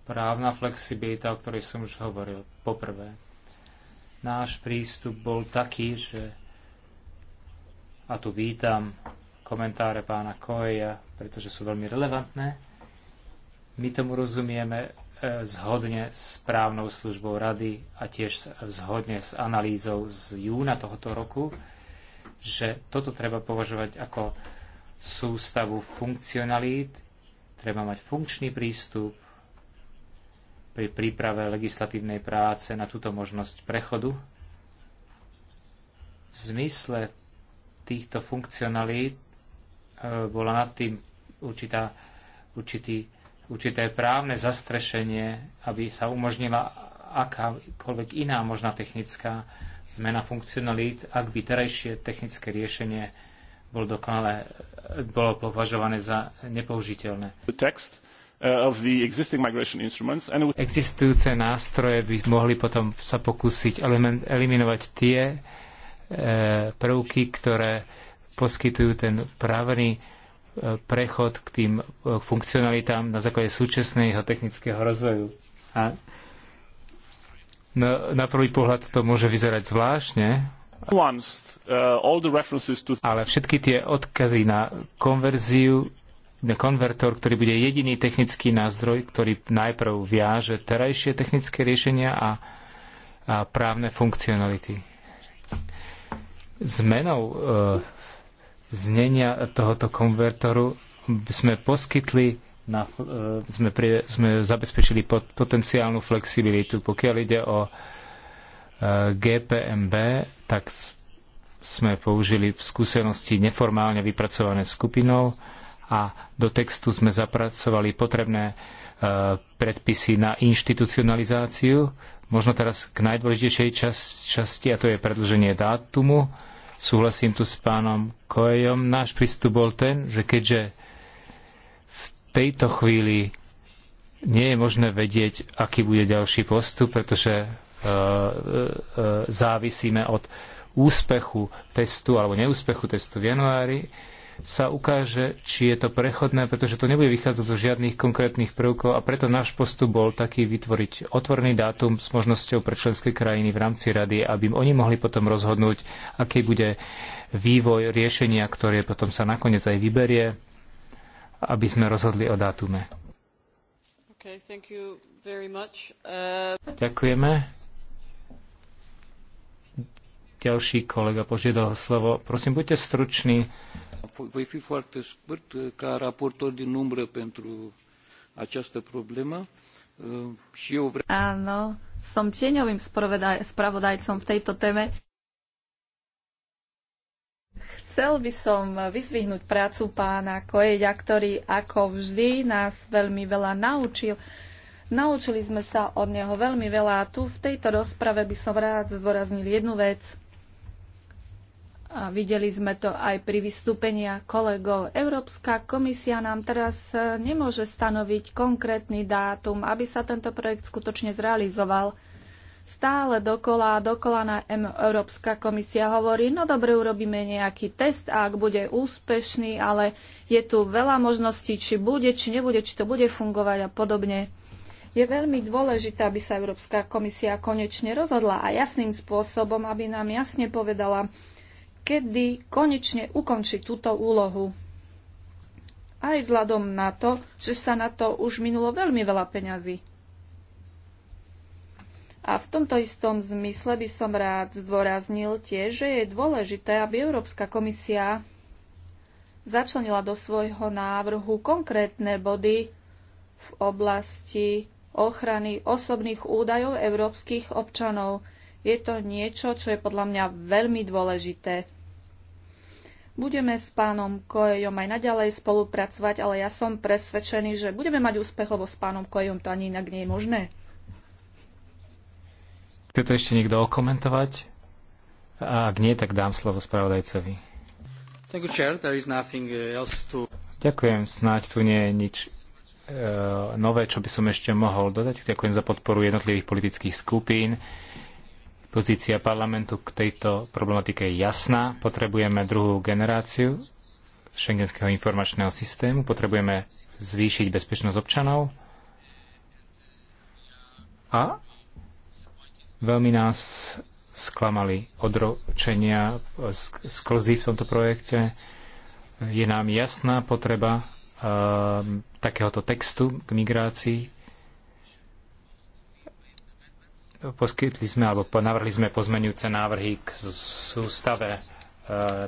Právna flexibilita, o ktorej som už hovoril, poprvé. Náš prístup bol taký, že a tu vítam komentáre pána Koeja, pretože sú veľmi relevantné. My tomu rozumieme e, zhodne s právnou službou rady a tiež zhodne s analýzou z júna tohoto roku, že toto treba považovať ako sústavu funkcionalít. Treba mať funkčný prístup pri príprave legislatívnej práce na túto možnosť prechodu. V zmysle týchto funkcionalít e, bola nad tým určitá, určitý, určité právne zastrešenie, aby sa umožnila akákoľvek iná možná technická zmena funkcionalít, ak by terajšie technické riešenie bol dokonale bolo považované za nepoužiteľné. Uh, Existujúce nástroje by mohli potom sa pokúsiť eliminovať tie uh, prvky, ktoré poskytujú ten právny uh, prechod k tým funkcionalitám na základe súčasného technického rozvoju. A no, na prvý pohľad to môže vyzerať zvláštne, Uh, Ale všetky tie odkazy na konverziu, na konvertor, ktorý bude jediný technický nástroj, ktorý najprv viaže terajšie technické riešenia a, a právne funkcionality. Zmenou e, znenia tohoto konvertoru sme poskytli na, e, sme, pri, sme zabezpečili pot, potenciálnu flexibilitu, pokiaľ ide o e, GPMB, tak sme použili v skúsenosti neformálne vypracované skupinou a do textu sme zapracovali potrebné e, predpisy na inštitucionalizáciu. Možno teraz k najdôležitejšej čas, časti, a to je predlženie dátumu. Súhlasím tu s pánom Kojom. Náš prístup bol ten, že keďže v tejto chvíli nie je možné vedieť, aký bude ďalší postup, pretože E, e, závisíme od úspechu testu alebo neúspechu testu v januári, sa ukáže, či je to prechodné, pretože to nebude vychádzať zo žiadnych konkrétnych prvkov a preto náš postup bol taký vytvoriť otvorný dátum s možnosťou pre členské krajiny v rámci rady, aby oni mohli potom rozhodnúť, aký bude vývoj riešenia, ktoré potom sa nakoniec aj vyberie, aby sme rozhodli o dátume. Okay, uh... Ďakujeme. Ďalší kolega požiadal slovo. Prosím, buďte struční. Voi fi foarte scurt uh, ca raportor din umbră pentru această problemă. Uh, și eu vreau... Áno, som tieňovým spravodajcom v tejto téme. Chcel by som vyzvihnúť prácu pána Kojeďa, ktorý ako vždy nás veľmi veľa naučil. Naučili sme sa od neho veľmi veľa a tu v tejto rozprave by som rád zdôraznil jednu vec – a videli sme to aj pri vystúpenia kolegov. Európska komisia nám teraz e, nemôže stanoviť konkrétny dátum, aby sa tento projekt skutočne zrealizoval. Stále dokola a dokola na Európska komisia hovorí, no dobre, urobíme nejaký test ak bude úspešný, ale je tu veľa možností, či bude, či nebude, či to bude fungovať a podobne. Je veľmi dôležité, aby sa Európska komisia konečne rozhodla a jasným spôsobom, aby nám jasne povedala, kedy konečne ukončiť túto úlohu. Aj vzhľadom na to, že sa na to už minulo veľmi veľa peňazí. A v tomto istom zmysle by som rád zdôraznil tiež, že je dôležité, aby Európska komisia začlenila do svojho návrhu konkrétne body v oblasti ochrany osobných údajov európskych občanov. Je to niečo, čo je podľa mňa veľmi dôležité. Budeme s pánom Koejom aj naďalej spolupracovať, ale ja som presvedčený, že budeme mať úspech, lebo s pánom Koejom to ani inak nie je možné. Chce to ešte niekto okomentovať? A ak nie, tak dám slovo spravodajcovi. You, uh, to... Ďakujem, snáď tu nie je nič e, nové, čo by som ešte mohol dodať. Ďakujem za podporu jednotlivých politických skupín. Pozícia parlamentu k tejto problematike je jasná. Potrebujeme druhú generáciu šengenského informačného systému, potrebujeme zvýšiť bezpečnosť občanov a veľmi nás sklamali odročenia, sklzy v tomto projekte. Je nám jasná potreba ehm, takéhoto textu k migrácii poskytli sme alebo navrhli sme pozmenujúce návrhy k sústave e,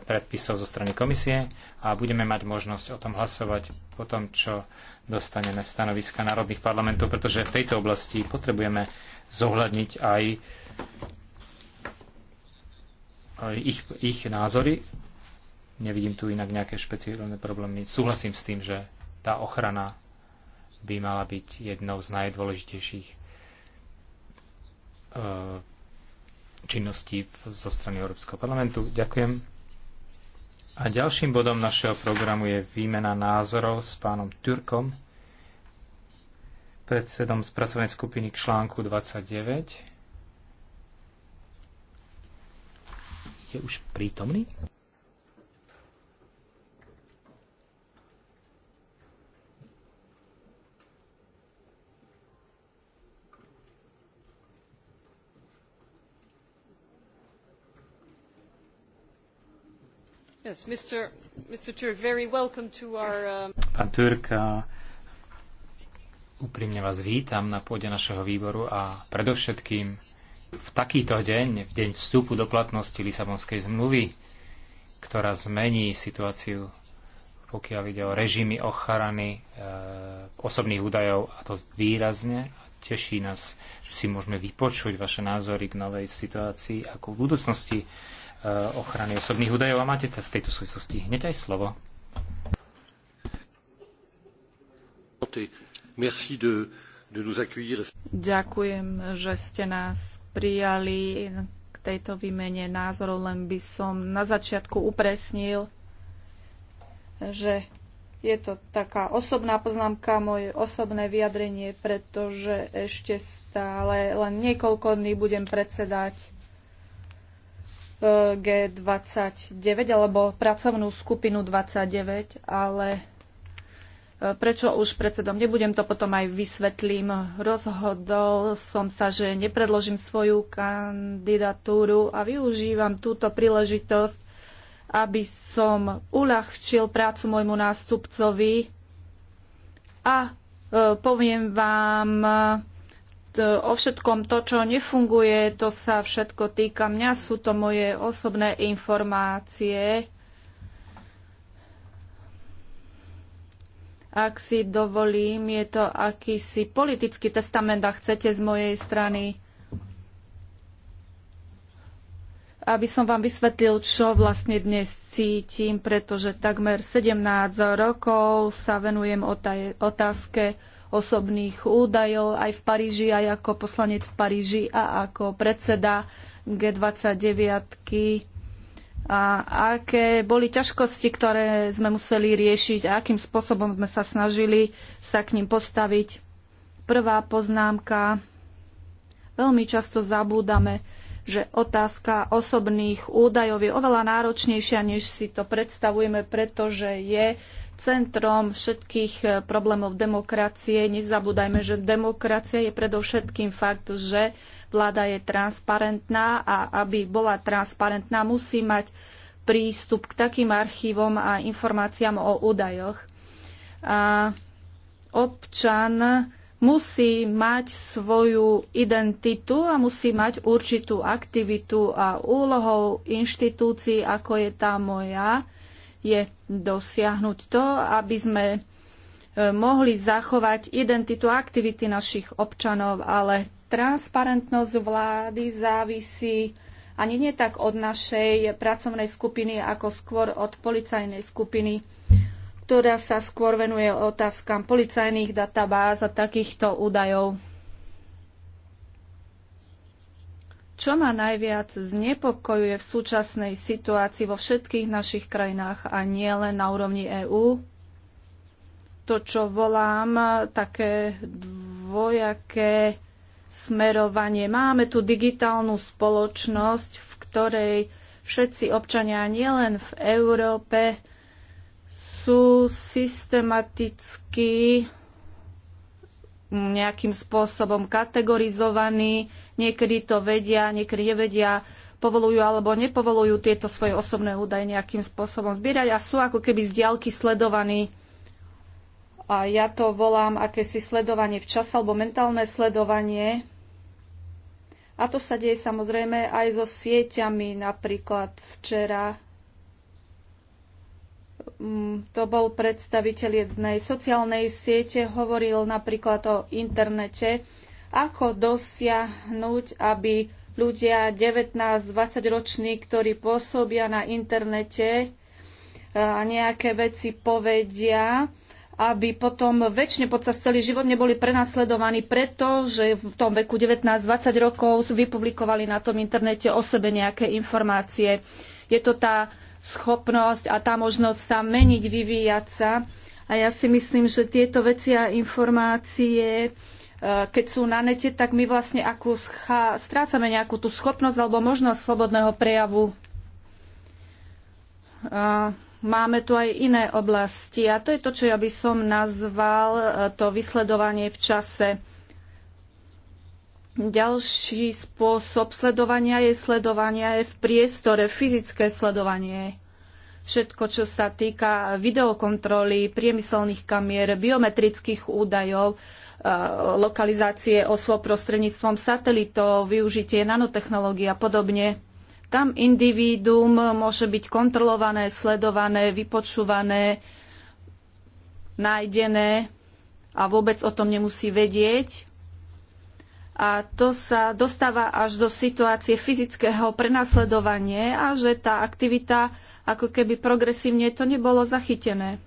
predpisov zo strany komisie a budeme mať možnosť o tom hlasovať po tom, čo dostaneme stanoviska národných parlamentov, pretože v tejto oblasti potrebujeme zohľadniť aj ich, ich názory. Nevidím tu inak nejaké špeciálne problémy. Súhlasím s tým, že tá ochrana by mala byť jednou z najdôležitejších E, činnosti zo strany Európskeho parlamentu. Ďakujem. A ďalším bodom našeho programu je výmena názorov s pánom Turkom, predsedom z pracovnej skupiny k článku 29. Je už prítomný? Yes, Mr. Mr. Turk, very welcome to our... Um, Pán Turk, úprimne vás vítam na pôde našeho výboru a predovšetkým v takýto deň, v deň vstupu do platnosti Lisabonskej zmluvy, ktorá zmení situáciu, pokiaľ ide o režimy ochrany e, osobných údajov, a to výrazne. Teší nás, že si môžeme vypočuť vaše názory k novej situácii, ako v budúcnosti Eh, ochrany osobných údajov a máte v tejto súvislosti hneď aj slovo. Ďakujem, že ste nás prijali k tejto výmene názorov, len by som na začiatku upresnil, že je to taká osobná poznámka, moje osobné vyjadrenie, pretože ešte stále len niekoľko dní budem predsedať G29 alebo pracovnú skupinu 29, ale e, prečo už predsedom nebudem, to potom aj vysvetlím. Rozhodol som sa, že nepredložím svoju kandidatúru a využívam túto príležitosť, aby som uľahčil prácu môjmu nástupcovi a e, poviem vám, E, o všetkom to, čo nefunguje, to sa všetko týka mňa, sú to moje osobné informácie. Ak si dovolím, je to akýsi politický testament, a chcete z mojej strany, aby som vám vysvetlil, čo vlastne dnes cítim, pretože takmer 17 rokov sa venujem otázke osobných údajov aj v Paríži, aj ako poslanec v Paríži a ako predseda G29. A aké boli ťažkosti, ktoré sme museli riešiť a akým spôsobom sme sa snažili sa k ním postaviť. Prvá poznámka. Veľmi často zabúdame, že otázka osobných údajov je oveľa náročnejšia, než si to predstavujeme, pretože je centrom všetkých e, problémov demokracie. Nezabúdajme, že demokracia je predovšetkým fakt, že vláda je transparentná a aby bola transparentná, musí mať prístup k takým archívom a informáciám o údajoch. A občan musí mať svoju identitu a musí mať určitú aktivitu a úlohou inštitúcií, ako je tá moja, je dosiahnuť to, aby sme e, mohli zachovať identitu aktivity našich občanov, ale transparentnosť vlády závisí ani nie tak od našej pracovnej skupiny, ako skôr od policajnej skupiny, ktorá sa skôr venuje otázkam policajných databáz a takýchto údajov. Čo ma najviac znepokojuje v súčasnej situácii vo všetkých našich krajinách a nie len na úrovni EÚ, to, čo volám, také dvojaké smerovanie. Máme tu digitálnu spoločnosť, v ktorej všetci občania nielen v Európe sú systematicky nejakým spôsobom kategorizovaní, niekedy to vedia, niekedy nevedia, povolujú alebo nepovolujú tieto svoje osobné údaje nejakým spôsobom zbierať a sú ako keby z diaľky sledovaní. A ja to volám akési sledovanie v čase alebo mentálne sledovanie. A to sa deje samozrejme aj so sieťami. Napríklad včera Mm, to bol predstaviteľ jednej sociálnej siete, hovoril napríklad o internete, ako dosiahnuť, aby ľudia 19-20 roční, ktorí pôsobia na internete eh, a nejaké veci povedia, aby potom väčšine počas celý život neboli prenasledovaní pretože v tom veku 19-20 rokov vypublikovali na tom internete o sebe nejaké informácie. Je to tá schopnosť a tá možnosť sa meniť, vyvíjať sa. A ja si myslím, že tieto veci a informácie, e, keď sú na nete, tak my vlastne akú strácame nejakú tú schopnosť alebo možnosť slobodného prejavu. A máme tu aj iné oblasti a to je to, čo ja by som nazval e, to vysledovanie v čase ďalší spôsob sledovania je sledovanie v priestore, fyzické sledovanie. Všetko, čo sa týka videokontroly, priemyselných kamier, biometrických údajov, e, lokalizácie osôb prostredníctvom satelitov, využitie nanotechnológií a podobne. Tam individuum môže byť kontrolované, sledované, vypočúvané, nájdené a vôbec o tom nemusí vedieť a to sa dostáva až do situácie fyzického prenasledovania a že tá aktivita ako keby progresívne to nebolo zachytené.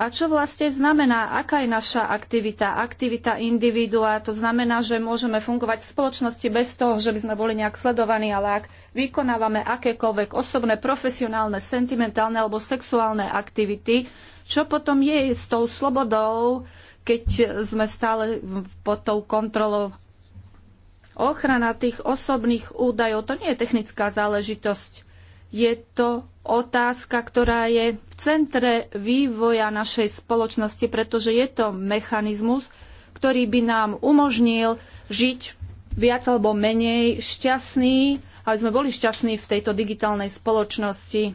A čo vlastne znamená, aká je naša aktivita? Aktivita individua, to znamená, že môžeme fungovať v spoločnosti bez toho, že by sme boli nejak sledovaní, ale ak vykonávame akékoľvek osobné, profesionálne, sentimentálne alebo sexuálne aktivity, čo potom je s tou slobodou, keď sme stále pod tou kontrolou. Ochrana tých osobných údajov, to nie je technická záležitosť. Je to otázka, ktorá je v centre vývoja našej spoločnosti, pretože je to mechanizmus, ktorý by nám umožnil žiť viac alebo menej šťastný, aby sme boli šťastní v tejto digitálnej spoločnosti.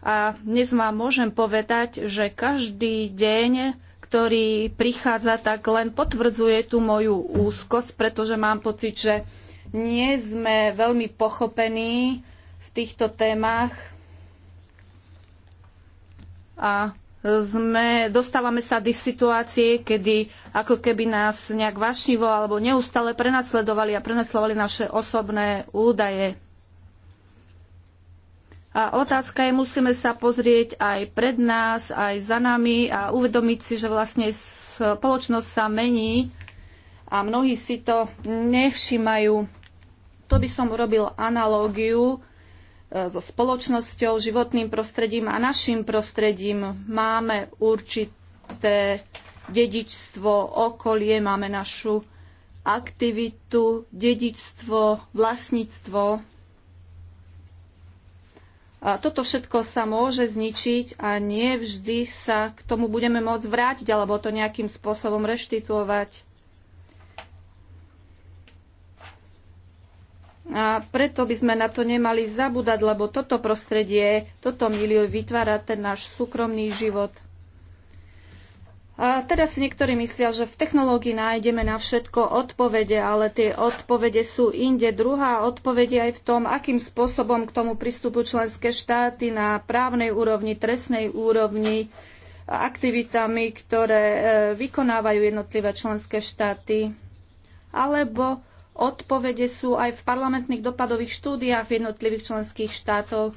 A dnes vám môžem povedať, že každý deň ktorý prichádza, tak len potvrdzuje tú moju úzkosť, pretože mám pocit, že nie sme veľmi pochopení v týchto témach a sme, dostávame sa do situácie, kedy ako keby nás nejak vášnivo alebo neustále prenasledovali a prenasledovali naše osobné údaje. A otázka je, musíme sa pozrieť aj pred nás, aj za nami a uvedomiť si, že vlastne spoločnosť sa mení a mnohí si to nevšímajú. To by som urobil analógiu e, so spoločnosťou, životným prostredím a našim prostredím. Máme určité dedičstvo, okolie, máme našu aktivitu, dedičstvo, vlastníctvo. A toto všetko sa môže zničiť a nie vždy sa k tomu budeme môcť vrátiť alebo to nejakým spôsobom reštituovať. A preto by sme na to nemali zabúdať, lebo toto prostredie, toto miliu vytvára ten náš súkromný život – a teraz si niektorí myslia, že v technológii nájdeme na všetko odpovede, ale tie odpovede sú inde. Druhá odpovede aj v tom, akým spôsobom k tomu pristupujú členské štáty na právnej úrovni, trestnej úrovni, aktivitami, ktoré e, vykonávajú jednotlivé členské štáty. Alebo odpovede sú aj v parlamentných dopadových štúdiách v jednotlivých členských štátoch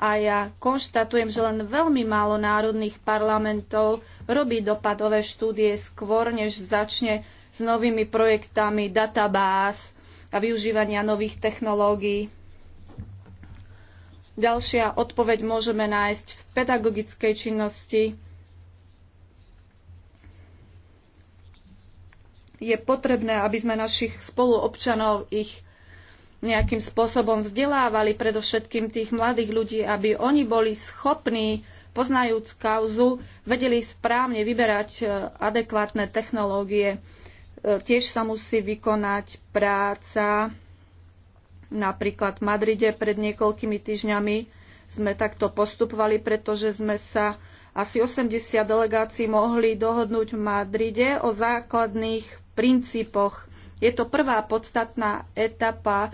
a ja konštatujem, že len veľmi málo národných parlamentov robí dopadové štúdie skôr, než začne s novými projektami databáz a využívania nových technológií. Ďalšia odpoveď môžeme nájsť v pedagogickej činnosti. Je potrebné, aby sme našich spoluobčanov, ich nejakým spôsobom vzdelávali predovšetkým tých mladých ľudí, aby oni boli schopní, poznajúc kauzu, vedeli správne vyberať e, adekvátne technológie. E, tiež sa musí vykonať práca. Napríklad v Madride pred niekoľkými týždňami sme takto postupovali, pretože sme sa asi 80 delegácií mohli dohodnúť v Madride o základných princípoch. Je to prvá podstatná etapa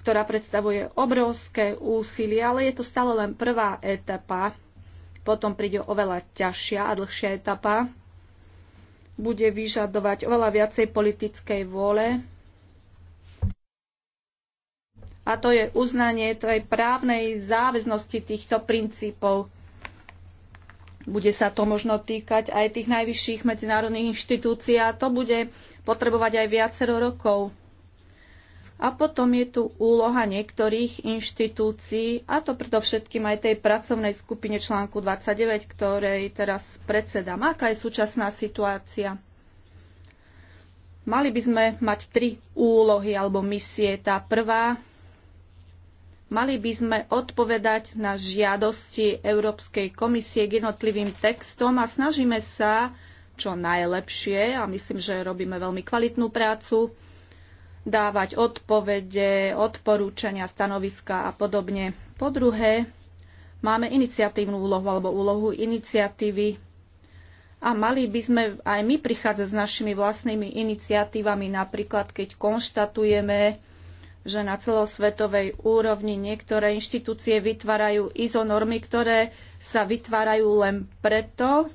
ktorá predstavuje obrovské úsilie, ale je to stále len prvá etapa. Potom príde oveľa ťažšia a dlhšia etapa. Bude vyžadovať oveľa viacej politickej vôle. A to je uznanie tej právnej záväznosti týchto princípov. Bude sa to možno týkať aj tých najvyšších medzinárodných inštitúcií a to bude potrebovať aj viacero rokov a potom je tu úloha niektorých inštitúcií, a to predovšetkým aj tej pracovnej skupine článku 29, ktorej teraz predsedám. Aká je súčasná situácia? Mali by sme mať tri úlohy alebo misie. Tá prvá, mali by sme odpovedať na žiadosti Európskej komisie k jednotlivým textom a snažíme sa čo najlepšie, a myslím, že robíme veľmi kvalitnú prácu, dávať odpovede, odporúčania, stanoviska a podobne. Po druhé, máme iniciatívnu úlohu alebo úlohu iniciatívy a mali by sme aj my prichádzať s našimi vlastnými iniciatívami, napríklad keď konštatujeme, že na celosvetovej úrovni niektoré inštitúcie vytvárajú izonormy, ktoré sa vytvárajú len preto,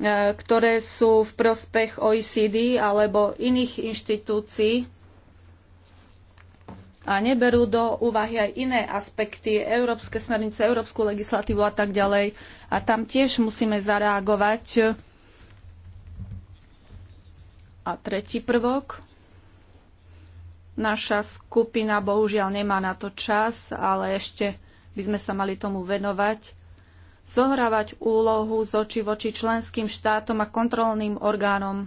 E, ktoré sú v prospech OECD alebo iných inštitúcií a neberú do úvahy aj iné aspekty, európske smernice, európsku legislatívu a tak ďalej. A tam tiež musíme zareagovať. A tretí prvok. Naša skupina bohužiaľ nemá na to čas, ale ešte by sme sa mali tomu venovať zohrávať úlohu z oči voči členským štátom a kontrolným orgánom.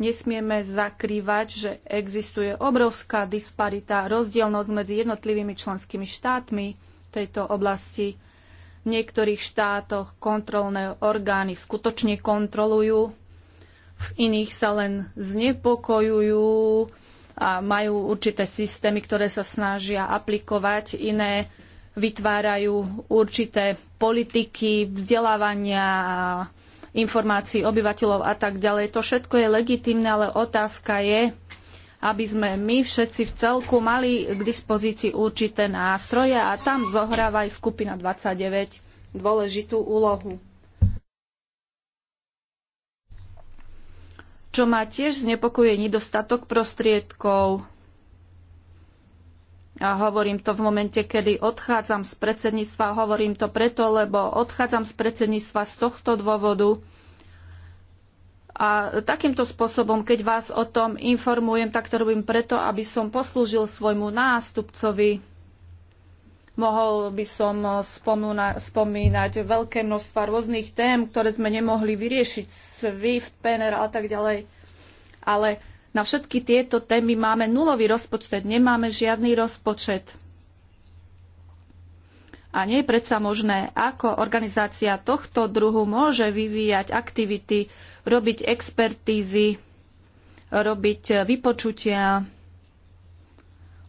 Nesmieme zakrývať, že existuje obrovská disparita, rozdielnosť medzi jednotlivými členskými štátmi v tejto oblasti. V niektorých štátoch kontrolné orgány skutočne kontrolujú, v iných sa len znepokojujú a majú určité systémy, ktoré sa snažia aplikovať iné vytvárajú určité politiky vzdelávania, informácií obyvateľov a tak ďalej. To všetko je legitimné, ale otázka je, aby sme my všetci v celku mali k dispozícii určité nástroje a tam zohráva aj skupina 29 dôležitú úlohu. Čo ma tiež znepokuje nedostatok prostriedkov a hovorím to v momente, kedy odchádzam z predsedníctva. Hovorím to preto, lebo odchádzam z predsedníctva z tohto dôvodu. A takýmto spôsobom, keď vás o tom informujem, tak to robím preto, aby som poslúžil svojmu nástupcovi. Mohol by som spomúna, spomínať veľké množstva rôznych tém, ktoré sme nemohli vyriešiť, SWIFT, PNR a tak ďalej. Ale na všetky tieto témy máme nulový rozpočet, nemáme žiadny rozpočet. A nie je predsa možné, ako organizácia tohto druhu môže vyvíjať aktivity, robiť expertízy, robiť vypočutia,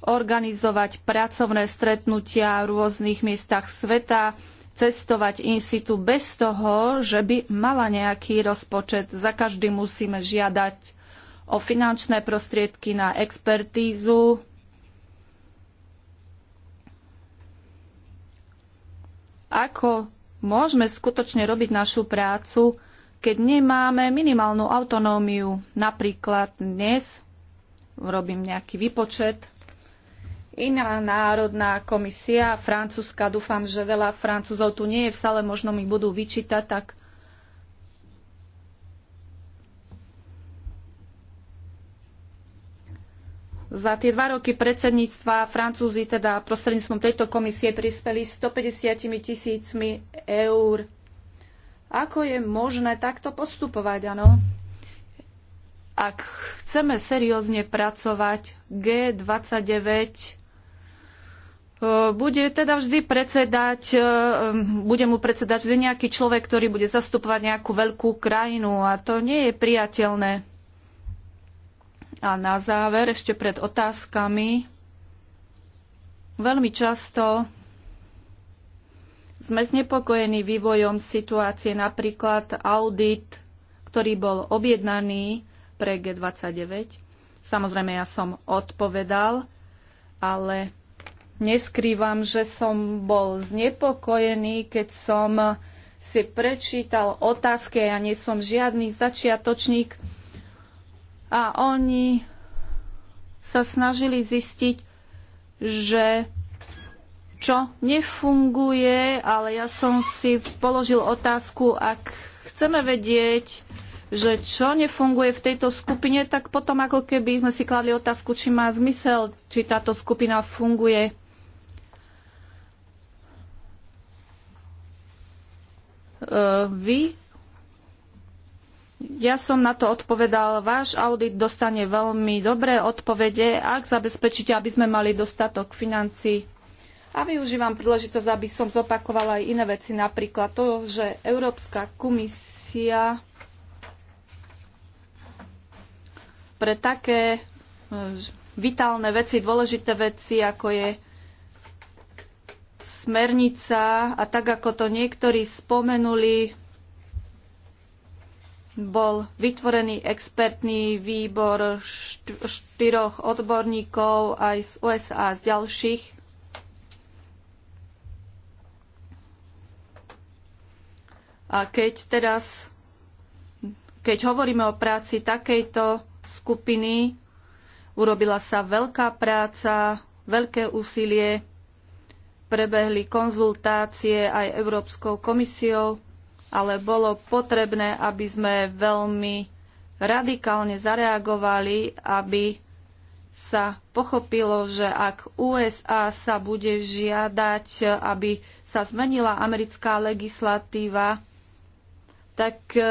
organizovať pracovné stretnutia v rôznych miestach sveta, cestovať in situ bez toho, že by mala nejaký rozpočet. Za každý musíme žiadať o finančné prostriedky na expertízu. Ako môžeme skutočne robiť našu prácu, keď nemáme minimálnu autonómiu. Napríklad dnes robím nejaký vypočet. Iná národná komisia, francúzska, dúfam, že veľa francúzov tu nie je v sale, možno mi budú vyčítať, tak Za tie dva roky predsedníctva Francúzi teda prostredníctvom tejto komisie prispeli 150 tisícmi eur. Ako je možné takto postupovať, áno? Ak chceme seriózne pracovať, G29 eh, bude teda vždy predsedať, eh, eh, bude mu predsedať vždy nejaký človek, ktorý bude zastupovať nejakú veľkú krajinu a to nie je priateľné. A na záver, ešte pred otázkami, veľmi často sme znepokojení vývojom situácie, napríklad audit, ktorý bol objednaný pre G29. Samozrejme, ja som odpovedal, ale neskrývam, že som bol znepokojený, keď som si prečítal otázky. Ja nie som žiadny začiatočník a oni sa snažili zistiť, že čo nefunguje, ale ja som si položil otázku, ak chceme vedieť, že čo nefunguje v tejto skupine, tak potom ako keby sme si kladli otázku, či má zmysel, či táto skupina funguje. Ehm, vy ja som na to odpovedal, váš audit dostane veľmi dobré odpovede, ak zabezpečíte, aby sme mali dostatok financií. A využívam príležitosť, aby som zopakovala aj iné veci, napríklad to, že Európska komisia pre také eh, vitálne veci, dôležité veci, ako je smernica a tak, ako to niektorí spomenuli, bol vytvorený expertný výbor štyroch odborníkov aj z USA a z ďalších. A keď teraz, keď hovoríme o práci takejto skupiny, urobila sa veľká práca, veľké úsilie, prebehli konzultácie aj Európskou komisiou ale bolo potrebné, aby sme veľmi radikálne zareagovali, aby sa pochopilo, že ak USA sa bude žiadať, aby sa zmenila americká legislatíva, tak e,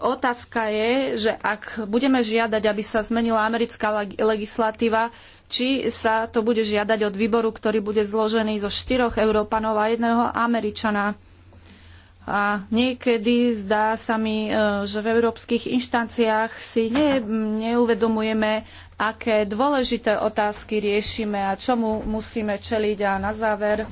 Otázka je, že ak budeme žiadať, aby sa zmenila americká legislatíva, či sa to bude žiadať od výboru, ktorý bude zložený zo štyroch Európanov a jedného Američana. A niekedy zdá sa mi, e, že v európskych inštanciách si ne, neuvedomujeme, aké dôležité otázky riešime a čomu musíme čeliť. A na záver,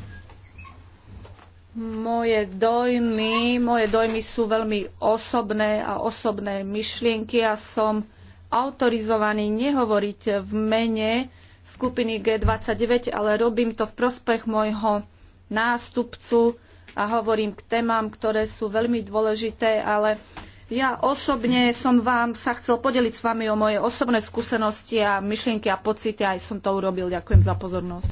moje dojmy, moje dojmy sú veľmi osobné a osobné myšlienky a som autorizovaný nehovoriť v mene skupiny G29, ale robím to v prospech môjho nástupcu, a hovorím k témam, ktoré sú veľmi dôležité, ale ja osobne som vám sa chcel podeliť s vami o moje osobné skúsenosti a myšlienky a pocity, aj som to urobil. Ďakujem za pozornosť.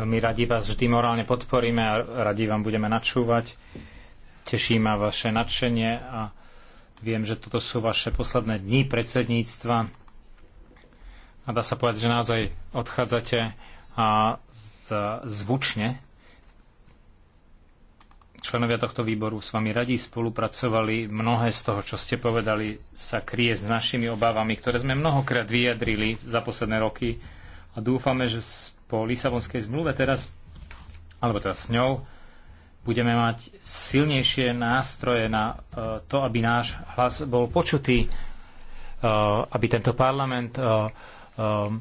Veľmi radi vás vždy morálne podporíme a radi vám budeme načúvať. Teší ma vaše nadšenie a viem, že toto sú vaše posledné dni predsedníctva a dá sa povedať, že naozaj odchádzate a zvučne. Členovia tohto výboru s vami radí spolupracovali. Mnohé z toho, čo ste povedali, sa kryje s našimi obávami, ktoré sme mnohokrát vyjadrili za posledné roky a dúfame, že po Lisabonskej zmluve teraz, alebo teraz s ňou, budeme mať silnejšie nástroje na e, to, aby náš hlas bol počutý, e, aby tento parlament e, Um,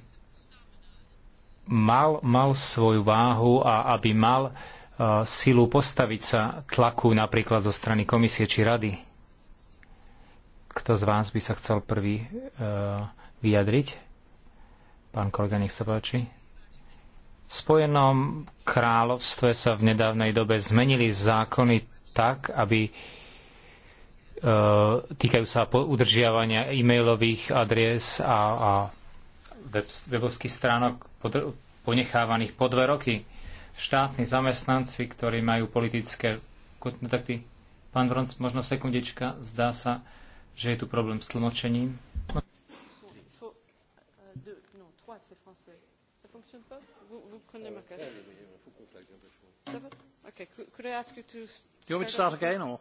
mal, mal svoju váhu a aby mal uh, silu postaviť sa tlaku napríklad zo strany komisie či rady. Kto z vás by sa chcel prvý uh, vyjadriť? Pán kolega, nech sa páči. V Spojenom kráľovstve sa v nedávnej dobe zmenili zákony tak, aby uh, týkajú sa udržiavania e-mailových adries a, a web, webovských stránok pod, ponechávaných po dve roky. Štátni zamestnanci, ktorí majú politické kontakty. Pán Vronc, možno sekundička, zdá sa, že je tu problém s tlmočením. Do you want me to start again or?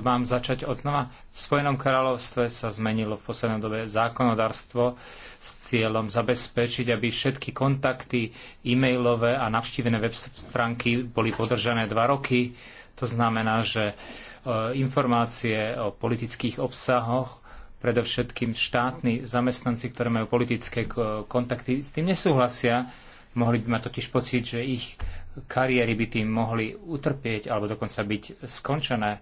Mám, začať od V Spojenom kráľovstve sa zmenilo v poslednej dobe zákonodárstvo s cieľom zabezpečiť, aby všetky kontakty e-mailové a navštívené web stránky boli podržané dva roky. To znamená, že e, informácie o politických obsahoch, predovšetkým štátni zamestnanci, ktorí majú politické kontakty, s tým nesúhlasia. Mohli by mať totiž pocit, že ich kariéry by tým mohli utrpieť alebo dokonca byť skončené. E,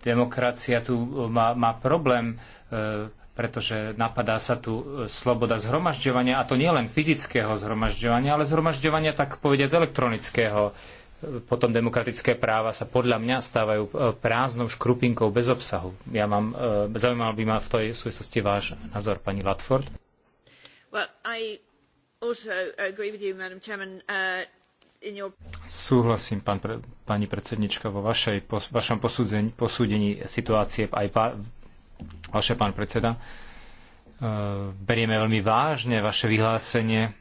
demokracia tu má, má problém, e, pretože napadá sa tu sloboda zhromažďovania, a to nie len fyzického zhromažďovania, ale zhromažďovania tak povediať elektronického. E, potom demokratické práva sa podľa mňa stávajú prázdnou škrupinkou bez obsahu. Ja mám, zaujímal by ma v tej súvislosti váš názor, pani Latford. Well, I Uh, uh, Súhlasím, pán pre, pani predsednička, vo vašej, vašom posúdení, posúdení situácie aj va, vaše, pán predseda. E, berieme veľmi vážne vaše vyhlásenie,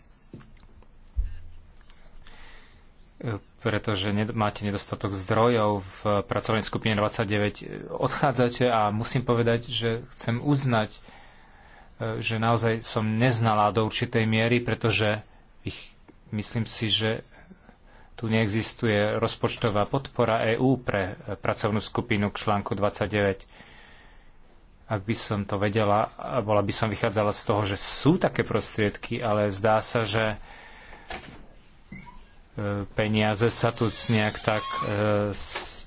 pretože ned, máte nedostatok zdrojov v pracovnej skupine 29. Odchádzate a musím povedať, že chcem uznať že naozaj som neznala do určitej miery, pretože ich, myslím si, že tu neexistuje rozpočtová podpora EÚ pre pracovnú skupinu k článku 29. Ak by som to vedela, bola by som vychádzala z toho, že sú také prostriedky, ale zdá sa, že e, peniaze sa tu nejak tak e,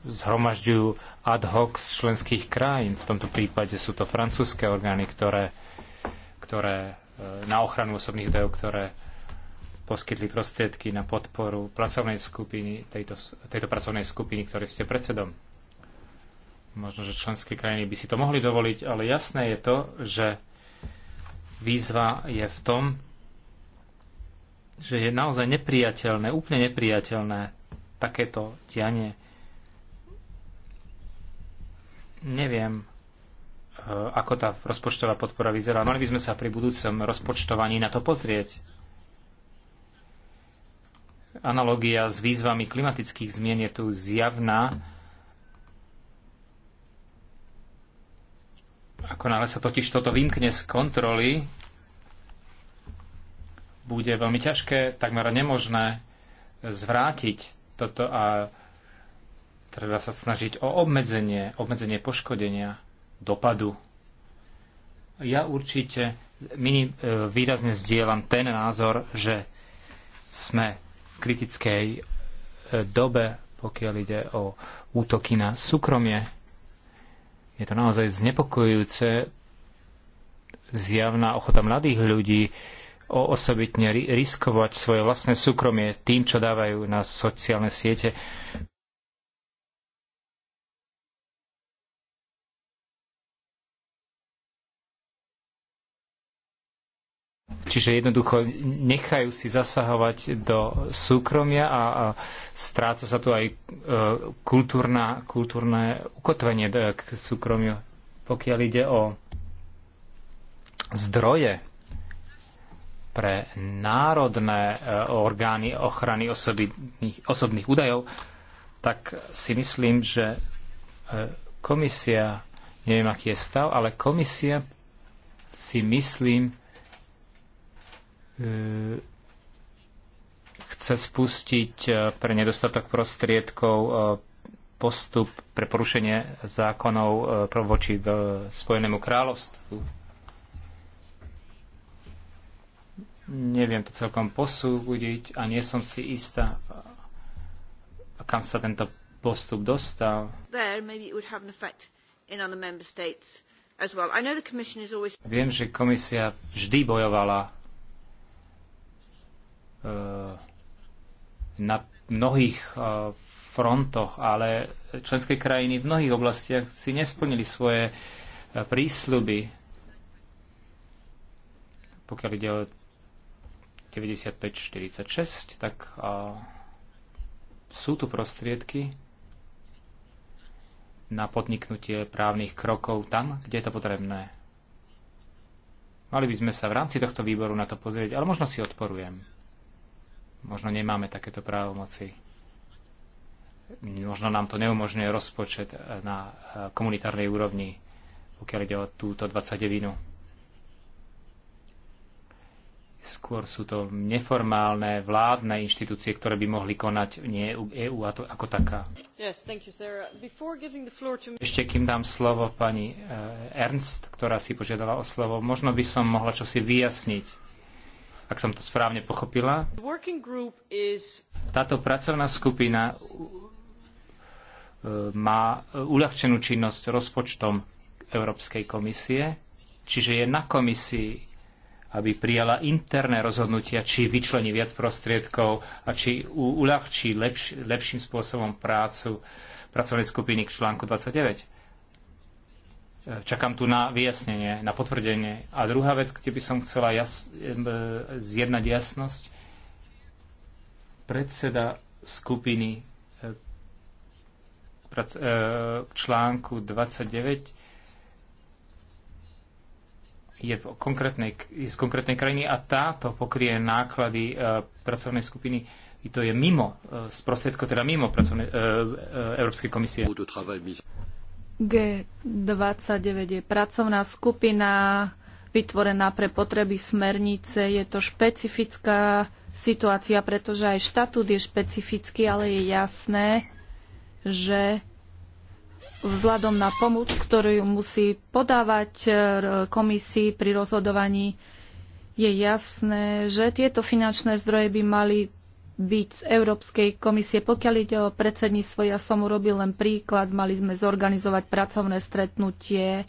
zhromažďujú ad hoc z členských krajín. V tomto prípade sú to francúzske orgány, ktoré ktoré, e, na ochranu osobných údajov, ktoré poskytli prostriedky na podporu pracovnej skupiny, tejto, tejto pracovnej skupiny, ktoré ste predsedom. Možno, že členské krajiny by si to mohli dovoliť, ale jasné je to, že výzva je v tom, že je naozaj nepriateľné, úplne nepriateľné takéto dianie. Neviem, Eh, ako tá rozpočtová podpora vyzerá. Mali by sme sa pri budúcom rozpočtovaní na to pozrieť. Analogia s výzvami klimatických zmien je tu zjavná. Ako náhle sa totiž toto vymkne z kontroly, bude veľmi ťažké, takmer nemožné zvrátiť toto a treba sa snažiť o obmedzenie, obmedzenie poškodenia dopadu. Ja určite mini, e, výrazne zdieľam ten názor, že sme v kritickej e, dobe, pokiaľ ide o útoky na súkromie. Je to naozaj znepokojujúce zjavná ochota mladých ľudí o osobitne riskovať svoje vlastné súkromie tým, čo dávajú na sociálne siete. Čiže jednoducho nechajú si zasahovať do súkromia a, a stráca sa tu aj e, kultúrna, kultúrne ukotvenie k súkromiu. Pokiaľ ide o zdroje pre národné e, orgány ochrany osobných, osobných údajov, tak si myslím, že e, komisia, neviem aký je stav, ale komisia si myslím, E, chce spustiť e, pre nedostatok prostriedkov e, postup pre porušenie zákonov voči Spojenému kráľovstvu. Neviem to celkom posúdiť a nie som si istá, kam sa tento postup dostal. Viem, že komisia vždy bojovala E, na mnohých e, frontoch, ale členské krajiny v mnohých oblastiach si nesplnili svoje e, prísľuby, pokiaľ ide o 95-46, tak sú tu prostriedky na podniknutie právnych krokov tam, kde je to potrebné. Mali by sme sa v rámci tohto výboru na to pozrieť, ale možno si odporujem. Možno nemáme takéto právomoci. Možno nám to neumožňuje rozpočet na e, komunitárnej úrovni, pokiaľ ide o túto 29 skôr sú to neformálne vládne inštitúcie, ktoré by mohli konať nie EÚ e ako taká. Yes, you, to... Ešte kým dám slovo pani e, Ernst, ktorá si požiadala o slovo, možno by som mohla čosi vyjasniť ak som to správne pochopila. Táto pracovná skupina uh, má uľahčenú činnosť rozpočtom Európskej komisie, čiže je na komisii, aby prijala interné rozhodnutia, či vyčlení viac prostriedkov a či uľahčí lepš, lepším spôsobom prácu pracovnej skupiny k článku 29 E, čakám tu na vyjasnenie, na potvrdenie. A druhá vec, kde by som chcela jas, e, zjednať jasnosť, predseda skupiny e, k článku 29 je, v konkrétnej, je z konkrétnej krajiny a táto pokrie náklady pracovnej skupiny I to je mimo, sprostriedko teda mimo pracovnej, Európskej komisie. G29 je pracovná skupina vytvorená pre potreby smernice. Je to špecifická situácia, pretože aj štatút je špecifický, ale je jasné, že vzhľadom na pomoc, ktorú musí podávať e, komisii pri rozhodovaní, je jasné, že tieto finančné zdroje by mali byť z Európskej komisie. Pokiaľ ide o predsedníctvo, ja som urobil len príklad. Mali sme zorganizovať pracovné stretnutie.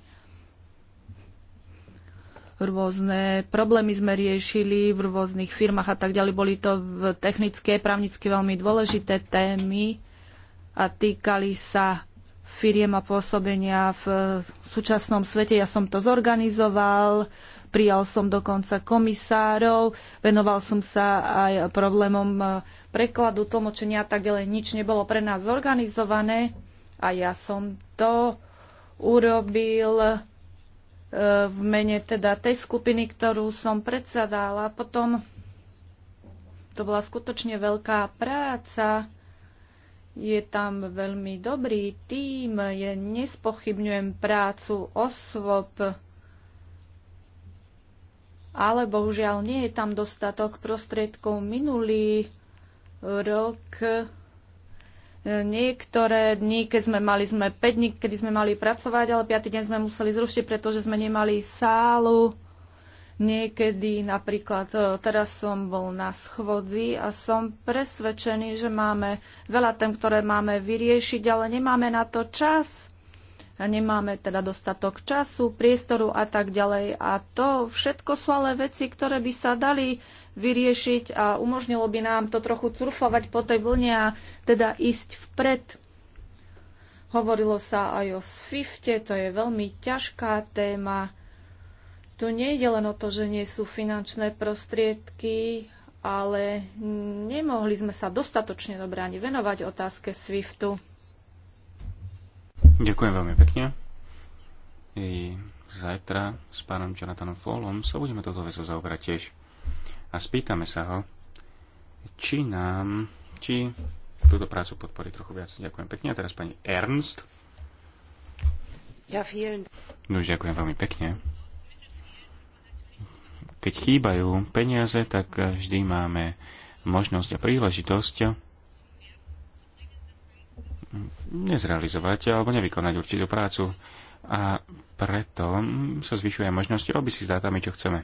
Rôzne problémy sme riešili v rôznych firmách a tak ďalej. Boli to technické, právnické veľmi dôležité témy a týkali sa firiem a pôsobenia v súčasnom svete. Ja som to zorganizoval Prijal som dokonca komisárov, venoval som sa aj problémom e, prekladu, tlmočenia a tak ďalej. Nič nebolo pre nás zorganizované a ja som to urobil e, v mene teda tej skupiny, ktorú som predsadala. Potom to bola skutočne veľká práca. Je tam veľmi dobrý tím, je, nespochybňujem prácu osôb, ale bohužiaľ nie je tam dostatok prostriedkov. Minulý rok e, niektoré dni, keď sme mali sme 5 dní, kedy sme mali pracovať, ale 5 deň sme museli zrušiť, pretože sme nemali sálu. Niekedy napríklad e, teraz som bol na schvodzi a som presvedčený, že máme veľa tém, ktoré máme vyriešiť, ale nemáme na to čas nemáme teda dostatok času, priestoru a tak ďalej. A to všetko sú ale veci, ktoré by sa dali vyriešiť a umožnilo by nám to trochu curfovať po tej vlne a teda ísť vpred. Hovorilo sa aj o Swifte, to je veľmi ťažká téma. Tu nejde len o to, že nie sú finančné prostriedky, ale nemohli sme sa dostatočne dobre ani venovať otázke Swiftu. Ďakujem veľmi pekne. I zajtra s pánom Jonathanom Follom sa budeme toto vecou zaoberať tiež. A spýtame sa ho, či nám, či túto prácu podporí trochu viac. Ďakujem pekne. A teraz pani Ernst. Ja, vielen. No, ďakujem veľmi pekne. Keď chýbajú peniaze, tak vždy máme možnosť a príležitosť nezrealizovať alebo nevykonať určitú prácu. A preto sa zvyšuje možnosť robiť si s dátami, čo chceme.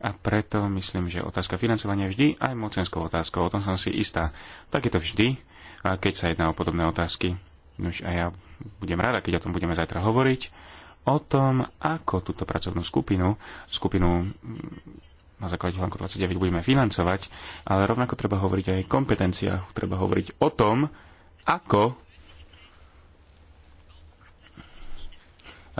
A preto myslím, že otázka financovania je vždy aj mocenskou otázkou. O tom som si istá. Tak je to vždy, keď sa jedná o podobné otázky. Nož a ja budem rada, keď o tom budeme zajtra hovoriť, o tom, ako túto pracovnú skupinu, skupinu mm, na základe článku 29 budeme financovať, ale rovnako treba hovoriť aj o kompetenciách, treba hovoriť o tom, ako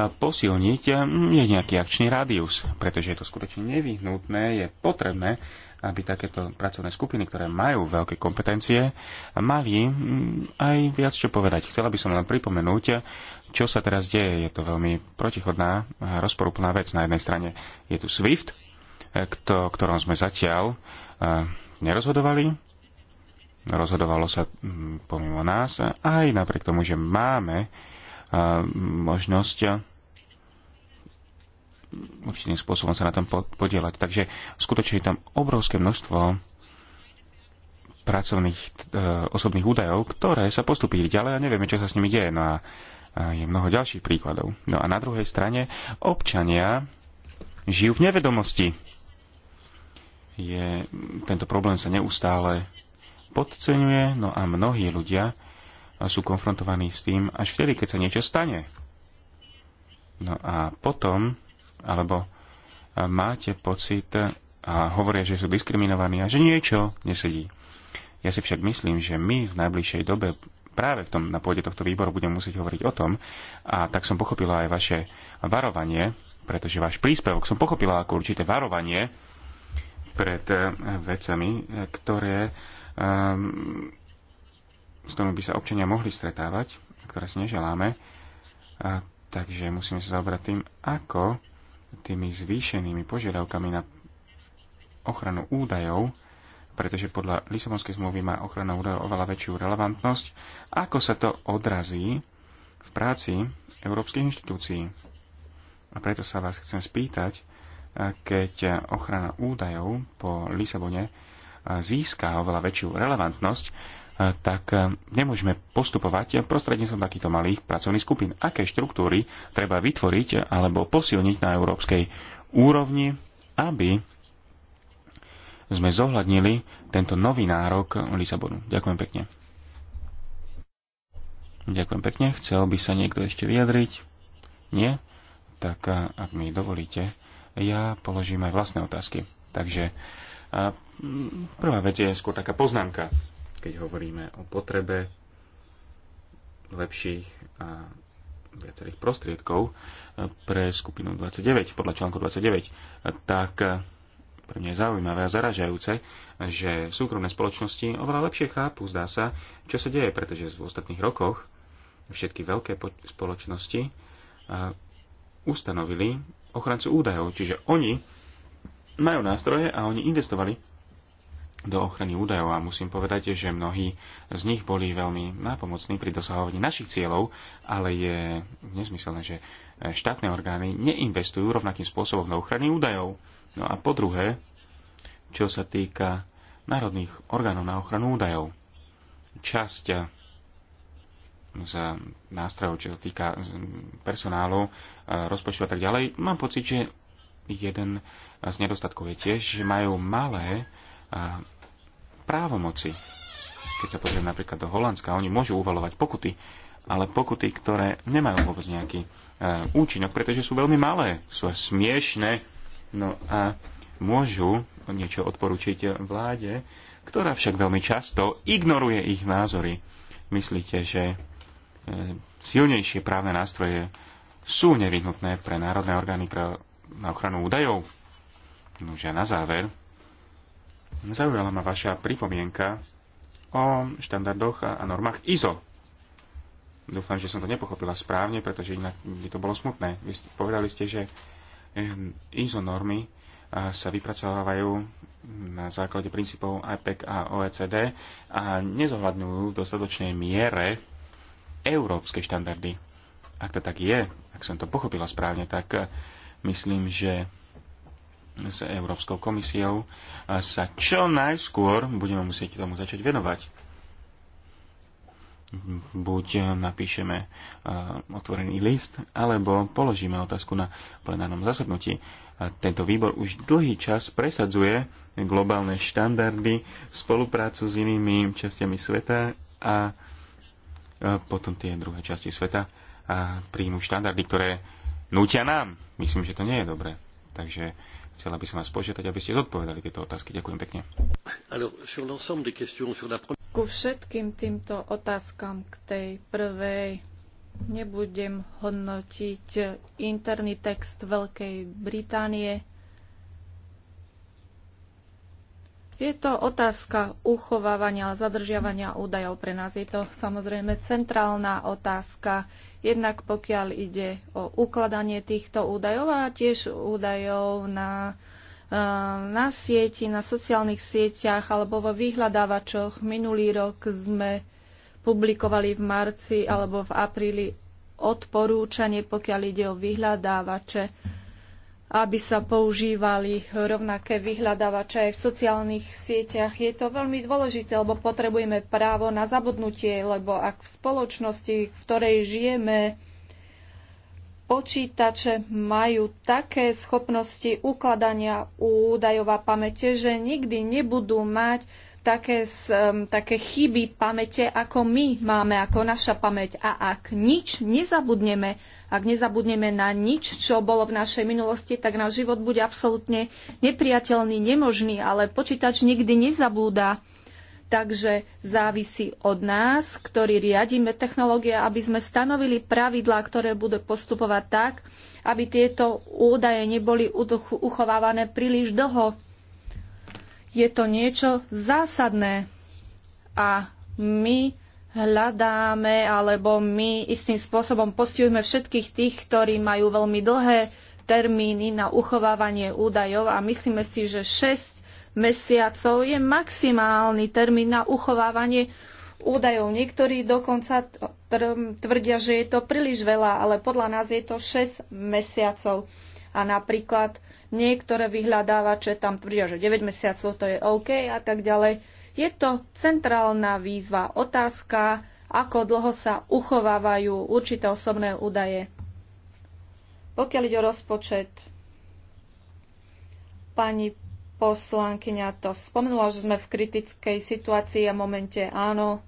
posilniť mm, je nejaký akčný rádius, pretože je to skutočne nevyhnutné, je potrebné, aby takéto pracovné skupiny, ktoré majú veľké kompetencie, mali mm, aj viac čo povedať. Chcela by som len pripomenúť, čo sa teraz deje. Je to veľmi protichodná a rozporúplná vec. Na jednej strane je tu SWIFT, ktorom sme zatiaľ eh, nerozhodovali rozhodovalo sa mm, pomimo nás, aj napriek tomu, že máme možnosť určitým spôsobom sa na tom podielať. Takže skutočne je tam obrovské množstvo pracovných e, osobných údajov, ktoré sa postupili ďalej a nevieme, čo sa s nimi deje. No a, a je mnoho ďalších príkladov. No a na druhej strane občania žijú v nevedomosti. Je, tento problém sa neustále podceňuje, no a mnohí ľudia sú konfrontovaní s tým až vtedy, keď sa niečo stane. No a potom, alebo e, máte pocit a hovoria, že sú diskriminovaní a že niečo nesedí. Ja si však myslím, že my v najbližšej dobe práve v tom, na pôde tohto výboru budeme musieť hovoriť o tom a tak som pochopila aj vaše varovanie, pretože váš príspevok som pochopila ako určité varovanie pred e, vecami, e, ktoré Ehm, s ktorým by sa občania mohli stretávať, ktoré si neželáme. A, takže musíme sa zaobrať tým, ako tými zvýšenými požiadavkami na ochranu údajov, pretože podľa Lisabonskej zmluvy má ochrana údajov oveľa väčšiu relevantnosť, ako sa to odrazí v práci európskych inštitúcií. A preto sa vás chcem spýtať, keď ochrana údajov po Lisabone získa oveľa väčšiu relevantnosť, e, tak e, nemôžeme postupovať prostredníctvom takýchto malých pracovných skupín. Aké štruktúry treba vytvoriť alebo posilniť na európskej úrovni, aby sme zohľadnili tento nový nárok Lisabonu. Ďakujem pekne. Ďakujem pekne. Chcel by sa niekto ešte vyjadriť? Nie? Tak e, ak mi dovolíte, ja položím aj vlastné otázky. Takže Prvá vec je skôr taká poznámka, keď hovoríme o potrebe lepších a viacerých prostriedkov e, pre skupinu 29, podľa článku 29, tak e, pre mňa je zaujímavé a zaražajúce, že súkromné spoločnosti oveľa lepšie chápu, zdá sa, čo sa deje, pretože v ostatných rokoch všetky veľké spoločnosti e, ustanovili ochrancu údajov, čiže oni majú nástroje a oni investovali do ochrany údajov a musím povedať, že mnohí z nich boli veľmi nápomocní pri dosahovaní našich cieľov, ale je nezmyselné, že e, štátne orgány neinvestujú rovnakým spôsobom do ochrany údajov. No a po druhé, čo sa týka národných orgánov na ochranu údajov, časť e, z nástrojov, čo sa týka personálu, e, rozpočtu a tak ďalej, mám pocit, že jeden z nedostatkov je tiež, že majú malé a právomoci. Keď sa pozrieme napríklad do Holandska, oni môžu uvalovať pokuty, ale pokuty, ktoré nemajú vôbec nejaký e, účinok, pretože sú veľmi malé, sú smiešne, no a môžu niečo odporučiť vláde, ktorá však veľmi často ignoruje ich názory. Myslíte, že e, silnejšie právne nástroje sú nevyhnutné pre národné orgány pre, na ochranu údajov? Nože na záver, Zaujala ma vaša pripomienka o štandardoch a normách ISO. Dúfam, že som to nepochopila správne, pretože inak by to bolo smutné. Vy povedali ste, že ehm, ISO normy sa vypracovávajú na základe princípov IPEC a OECD a nezohľadňujú v dostatočnej miere európske štandardy. Ak to tak je, ak som to pochopila správne, tak e, myslím, že s Európskou komisiou sa čo najskôr budeme musieť tomu začať venovať. Buď napíšeme otvorený list, alebo položíme otázku na plenárnom zasadnutí. Tento výbor už dlhý čas presadzuje globálne štandardy, spoluprácu s inými častiami sveta a potom tie druhé časti sveta a príjmu štandardy, ktoré nútia nám. Myslím, že to nie je dobré. Takže Chcela by som vás požiadať, aby ste zodpovedali tieto otázky. Ďakujem pekne. Ku všetkým týmto otázkam k tej prvej nebudem hodnotiť interný text Veľkej Británie. Je to otázka uchovávania a zadržiavania údajov. Pre nás je to samozrejme centrálna otázka, jednak pokiaľ ide o ukladanie týchto údajov a tiež údajov na, eh, na sieti, na sociálnych sieťach alebo vo vyhľadávačoch. Minulý rok sme publikovali v marci alebo v apríli odporúčanie, pokiaľ ide o vyhľadávače aby sa používali rovnaké vyhľadávače aj v sociálnych sieťach. Je to veľmi dôležité, lebo potrebujeme právo na zabudnutie, lebo ak v spoločnosti, v ktorej žijeme, počítače majú také schopnosti ukladania údajov a pamäte, že nikdy nebudú mať také, také chyby pamäte, ako my máme, ako naša pamäť. A ak nič nezabudneme, ak nezabudneme na nič, čo bolo v našej minulosti, tak náš život bude absolútne nepriateľný, nemožný, ale počítač nikdy nezabúda. Takže závisí od nás, ktorí riadíme technológie, aby sme stanovili pravidlá, ktoré budú postupovať tak, aby tieto údaje neboli uchovávané príliš dlho je to niečo zásadné a my hľadáme alebo my istým spôsobom postihujeme všetkých tých, ktorí majú veľmi dlhé termíny na uchovávanie údajov a myslíme si, že 6 mesiacov je maximálny termín na uchovávanie údajov. Niektorí dokonca tvrdia, že je to príliš veľa, ale podľa nás je to 6 mesiacov. A napríklad Niektoré vyhľadávače tam tvrdia, že 9 mesiacov to je OK a tak ďalej. Je to centrálna výzva, otázka, ako dlho sa uchovávajú určité osobné údaje. Pokiaľ ide o rozpočet, pani poslankyňa to spomenula, že sme v kritickej situácii a momente áno,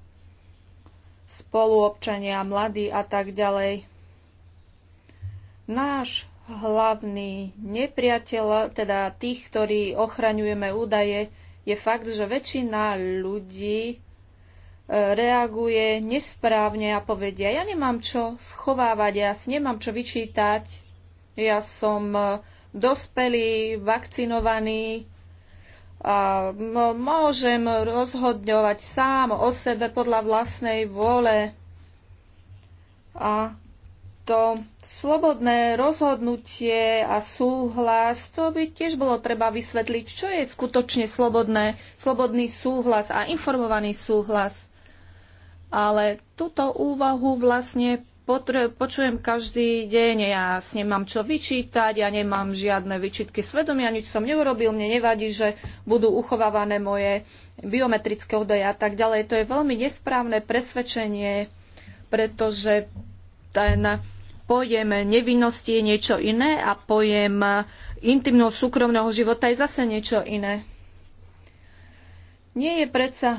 spoluobčania, mladí a tak ďalej. Náš hlavný nepriateľ, teda tých, ktorí ochraňujeme údaje, je fakt, že väčšina ľudí e, reaguje nesprávne a povedia, ja nemám čo schovávať, ja si nemám čo vyčítať, ja som e, dospelý, vakcinovaný, a môžem rozhodňovať sám o sebe podľa vlastnej vôle. A to slobodné rozhodnutie a súhlas, to by tiež bolo treba vysvetliť, čo je skutočne slobodné, slobodný súhlas a informovaný súhlas. Ale túto úvahu vlastne počujem každý deň, ja s nemám čo vyčítať, ja nemám žiadne vyčitky svedomia, nič som neurobil, mne nevadí, že budú uchovávané moje biometrické údaje a tak ďalej. To je veľmi nesprávne presvedčenie, pretože ten pojem nevinnosti je niečo iné a pojem intimného súkromného života je zase niečo iné. Nie je predsa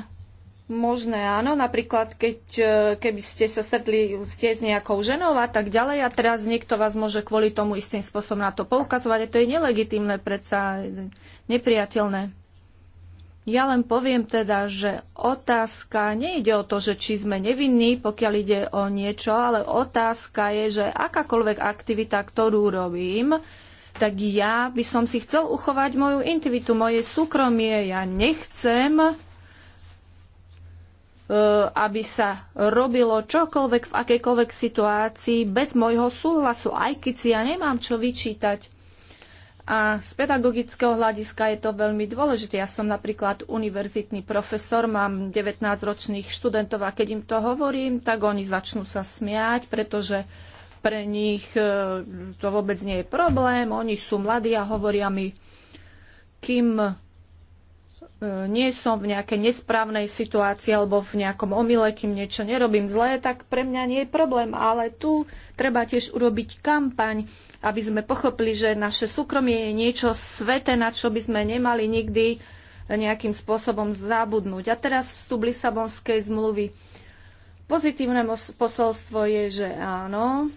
možné, áno, napríklad keď, e, keby ste sa stretli ste s nejakou ženou a tak ďalej a teraz niekto vás môže kvôli tomu istým spôsobom na to poukazovať a to je nelegitímne, predsa nepriateľné. Ja len poviem teda, že otázka nejde o to, že či sme nevinní, pokiaľ ide o niečo, ale otázka je, že akákoľvek aktivita, ktorú robím, tak ja by som si chcel uchovať moju intivitu, moje súkromie. Ja nechcem, e, aby sa robilo čokoľvek v akejkoľvek situácii bez môjho súhlasu, aj keď si ja nemám čo vyčítať a z pedagogického hľadiska je to veľmi dôležité. Ja som napríklad univerzitný profesor, mám 19-ročných študentov a keď im to hovorím, tak oni začnú sa smiať, pretože pre nich e, to vôbec nie je problém. Oni sú mladí a hovoria mi, kým E, nie som v nejakej nesprávnej situácii alebo v nejakom omyle, kým niečo nerobím zlé, tak pre mňa nie je problém. Ale tu treba tiež urobiť kampaň, aby sme pochopili, že naše súkromie je niečo sveté, na čo by sme nemali nikdy nejakým spôsobom zabudnúť. A teraz vstup Lisabonskej zmluvy. Pozitívne posolstvo je, že áno,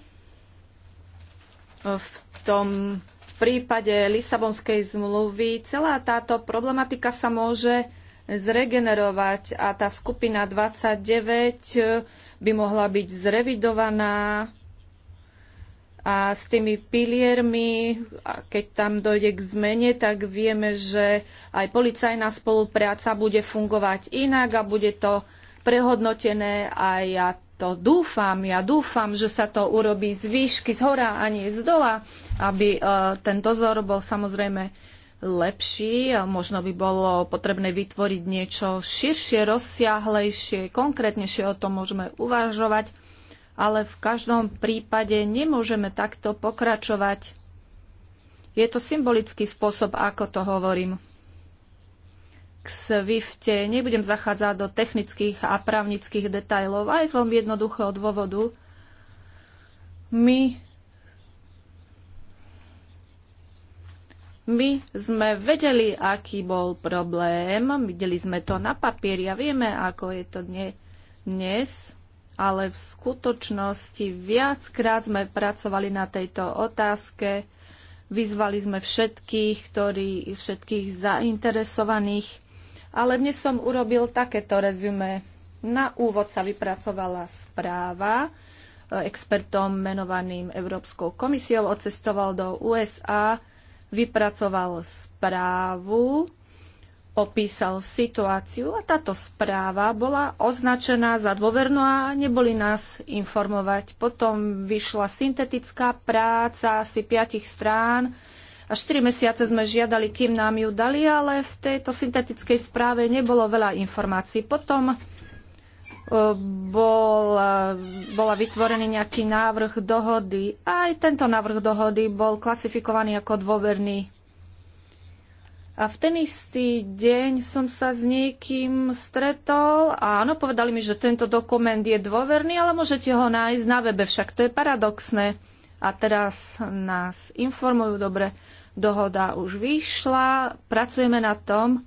v tom prípade Lisabonskej zmluvy celá táto problematika sa môže zregenerovať a tá skupina 29 eh, by mohla byť zrevidovaná a s tými piliermi, a keď tam dojde k zmene, tak vieme, že aj policajná spolupráca bude fungovať inak a bude to prehodnotené a ja to dúfam, ja dúfam, že sa to urobí z výšky, z hora a nie z dola aby e, ten dozor bol samozrejme lepší. A e, možno by bolo potrebné vytvoriť niečo širšie, rozsiahlejšie, konkrétnejšie o tom môžeme uvažovať, ale v každom prípade nemôžeme takto pokračovať. Je to symbolický spôsob, ako to hovorím. K Swifte nebudem zachádzať do technických a právnických detajlov aj z veľmi jednoduchého dôvodu. My My sme vedeli, aký bol problém, videli sme to na papieri a vieme, ako je to dnes, ale v skutočnosti viackrát sme pracovali na tejto otázke, vyzvali sme všetkých, ktorí, všetkých zainteresovaných, ale dnes som urobil takéto rezume. Na úvod sa vypracovala správa, expertom menovaným Európskou komisiou, odcestoval do USA, vypracoval správu, opísal situáciu a táto správa bola označená za dôvernú a neboli nás informovať. Potom vyšla syntetická práca asi piatich strán a 4 mesiace sme žiadali, kým nám ju dali, ale v tejto syntetickej správe nebolo veľa informácií. Potom bol, bola vytvorený nejaký návrh dohody. Aj tento návrh dohody bol klasifikovaný ako dôverný. A v ten istý deň som sa s niekým stretol a áno, povedali mi, že tento dokument je dôverný, ale môžete ho nájsť na webe, však to je paradoxné. A teraz nás informujú, dobre, dohoda už vyšla, pracujeme na tom,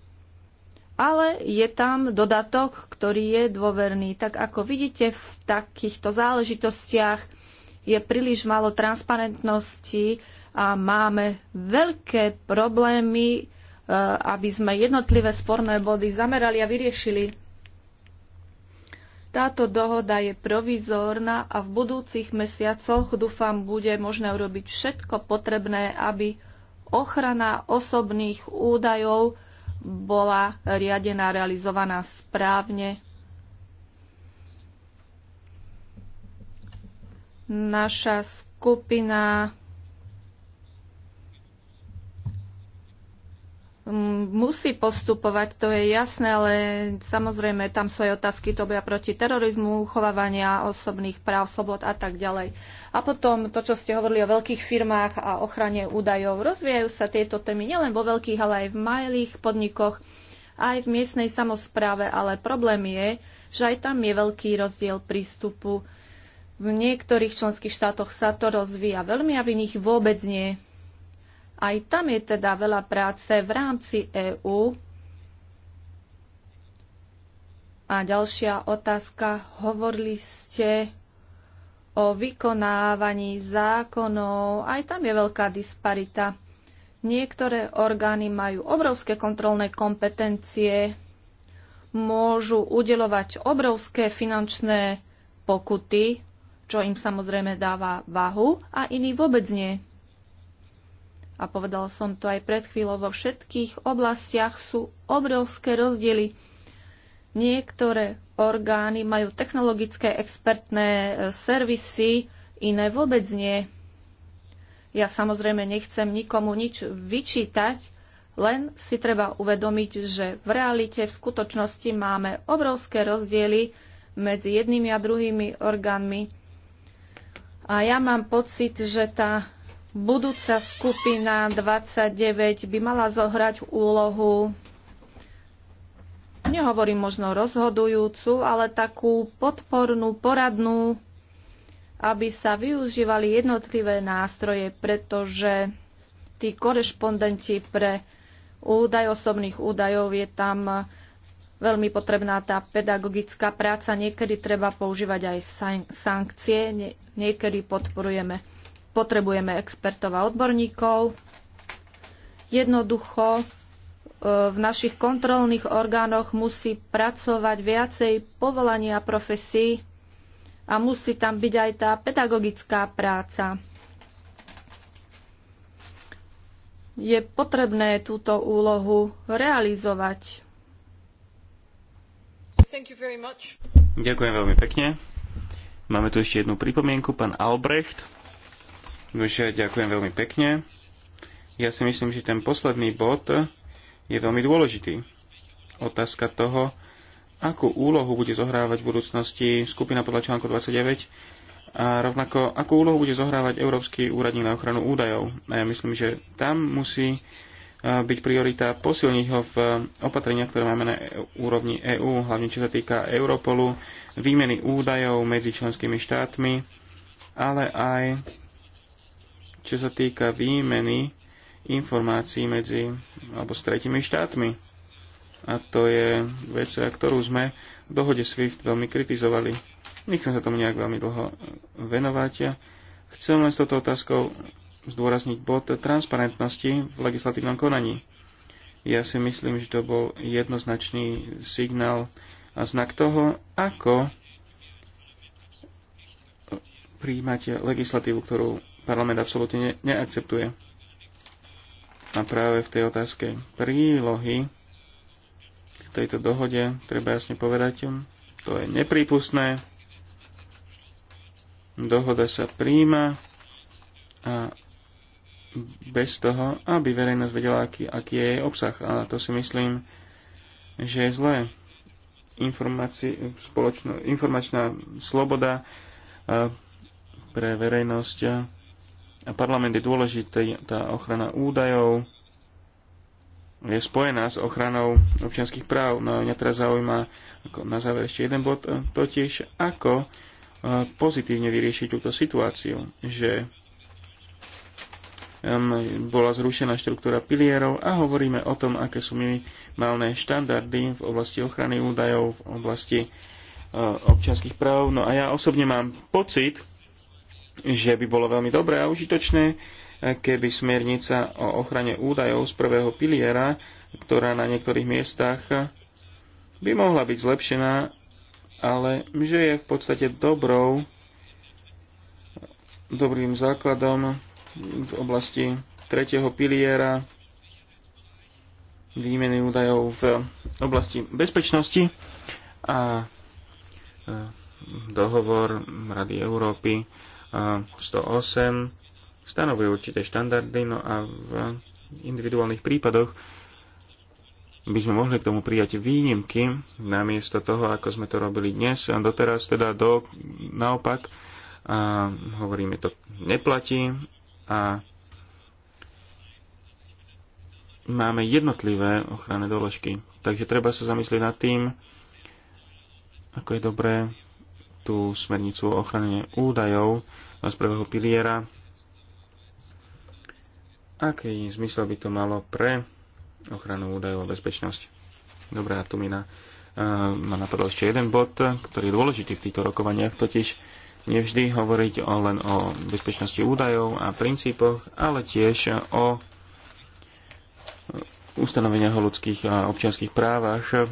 ale je tam dodatok, ktorý je dôverný. Tak ako vidíte, v takýchto záležitostiach je príliš málo transparentnosti a máme veľké problémy, eh, aby sme jednotlivé sporné body zamerali a vyriešili. Táto dohoda je provizórna a v budúcich mesiacoch, dúfam, bude možné urobiť všetko potrebné, aby ochrana osobných údajov bola riadená, realizovaná správne. Naša skupina Mm, musí postupovať, to je jasné, ale samozrejme tam svoje otázky to bia proti terorizmu, uchovávania osobných práv, slobod a tak ďalej. A potom to, čo ste hovorili o veľkých firmách a ochrane údajov. Rozvíjajú sa tieto témy nielen vo veľkých, ale aj v malých podnikoch, aj v miestnej samozpráve, ale problém je, že aj tam je veľký rozdiel prístupu. V niektorých členských štátoch sa to rozvíja veľmi a v iných vôbec nie. Aj tam je teda veľa práce v rámci EÚ. A ďalšia otázka. Hovorili ste o vykonávaní zákonov. Aj tam je veľká disparita. Niektoré orgány majú obrovské kontrolné kompetencie, môžu udelovať obrovské finančné pokuty, čo im samozrejme dáva váhu, a iní vôbec nie a povedal som to aj pred chvíľou, vo všetkých oblastiach sú obrovské rozdiely. Niektoré orgány majú technologické expertné e, servisy, iné vôbec nie. Ja samozrejme nechcem nikomu nič vyčítať, len si treba uvedomiť, že v realite, v skutočnosti máme obrovské rozdiely medzi jednými a druhými orgánmi. A ja mám pocit, že tá Budúca skupina 29 by mala zohrať úlohu, nehovorím možno rozhodujúcu, ale takú podpornú, poradnú, aby sa využívali jednotlivé nástroje, pretože tí korešpondenti pre údaj osobných údajov je tam veľmi potrebná tá pedagogická práca. Niekedy treba používať aj sankcie, niekedy podporujeme potrebujeme expertov a odborníkov. Jednoducho e, v našich kontrolných orgánoch musí pracovať viacej povolania profesí a musí tam byť aj tá pedagogická práca. Je potrebné túto úlohu realizovať. Ďakujem veľmi pekne. Máme tu ešte jednu pripomienku, pán Albrecht. Nože, ďakujem veľmi pekne. Ja si myslím, že ten posledný bod je veľmi dôležitý. Otázka toho, akú úlohu bude zohrávať v budúcnosti skupina podľa článku 29 a rovnako akú úlohu bude zohrávať Európsky úradník na ochranu údajov. A ja myslím, že tam musí e, byť priorita posilniť ho v opatreniach, ktoré máme na úrovni EÚ, hlavne čo sa týka Europolu, výmeny údajov medzi členskými štátmi, ale aj čo sa týka výmeny informácií medzi alebo s tretimi štátmi. A to je vec, ktorú sme v dohode SWIFT veľmi kritizovali. Nechcem sa tomu nejak veľmi dlho venovať. Chcem len s touto otázkou zdôrazniť bod transparentnosti v legislatívnom konaní. Ja si myslím, že to bol jednoznačný signál a znak toho, ako príjmate legislatívu, ktorú parlament absolútne ne- neakceptuje. A práve v tej otázke prílohy k tejto dohode treba jasne povedať, to je neprípustné. Dohoda sa príjma a bez toho, aby verejnosť vedela, aký, aký je jej obsah. A to si myslím, že je zlé. informačná sloboda pre verejnosť parlament je dôležitý, tá ochrana údajov je spojená s ochranou občianských práv. No a mňa teraz zaujíma ako na záver ešte jeden bod, e, totiž ako e, pozitívne vyriešiť túto situáciu, že bola zrušená štruktúra pilierov a hovoríme o tom, aké sú minimálne štandardy v oblasti ochrany údajov, v oblasti e, občianských práv. No a ja osobne mám pocit, že by bolo veľmi dobré a užitočné, e, keby smernica o ochrane údajov z prvého piliera, ktorá na niektorých miestach by mohla byť zlepšená, ale že je v podstate dobrou, dobrým základom v oblasti tretieho piliera výmeny údajov v oblasti bezpečnosti a e, dohovor Rady Európy 108 stanovujú určité štandardy, no a v individuálnych prípadoch by sme mohli k tomu prijať výnimky, namiesto toho, ako sme to robili dnes a doteraz, teda do, naopak, a hovoríme, to neplatí a máme jednotlivé ochranné doložky. Takže treba sa zamyslieť nad tým, ako je dobré tú smernicu o ochrane údajov z prvého piliera. Aký zmysel by to malo pre ochranu údajov a bezpečnosť? a tu mi na, uh, ma napadol ešte jeden bod, ktorý je dôležitý v týchto rokovaniach, totiž nevždy hovoriť o, len o bezpečnosti údajov a princípoch, ale tiež o ustanoveniach o ľudských a občianských právach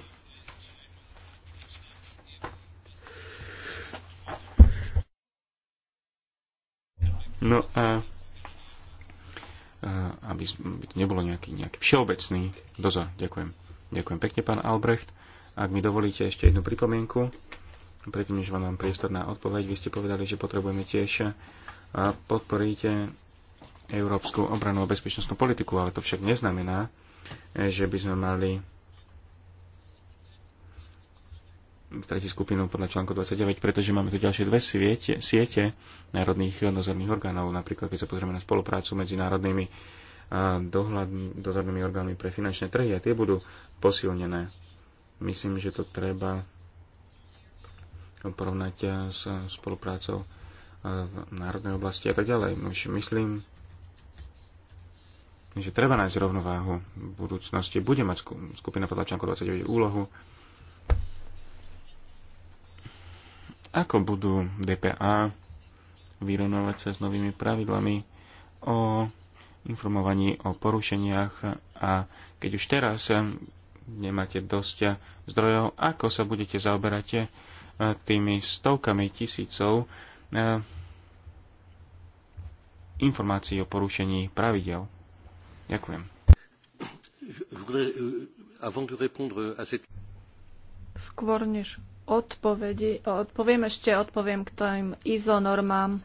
No a aby, aby to nebolo nejaký, nejaký všeobecný dozor. Ďakujem. Ďakujem pekne, pán Albrecht. Ak mi dovolíte ešte jednu pripomienku, predtým, než vám mám priestor na odpoveď, vy ste povedali, že potrebujeme tiež podporíte európsku obranu a bezpečnostnú politiku, ale to však neznamená, že by sme mali tretí skupinu podľa článku 29, pretože máme tu ďalšie dve siete, siete národných dozorných orgánov, napríklad keď sa pozrieme na spoluprácu medzi národnými dohľadmi, dozornými orgánmi pre finančné trhy a tie budú posilnené. Myslím, že to treba porovnať s spoluprácou v národnej oblasti a tak ďalej. Už no, myslím, že treba nájsť rovnováhu v budúcnosti. Bude mať skupina podľa článku 29 úlohu, ako budú DPA vyrovnávať sa s novými pravidlami o informovaní o porušeniach a keď už teraz nemáte dosť zdrojov, ako sa budete zaoberať eh, tými stovkami tisícov eh, informácií o porušení pravidel. Ďakujem. Euh, Skôr než odpovedi, odpoviem ešte, odpoviem k tým izonormám.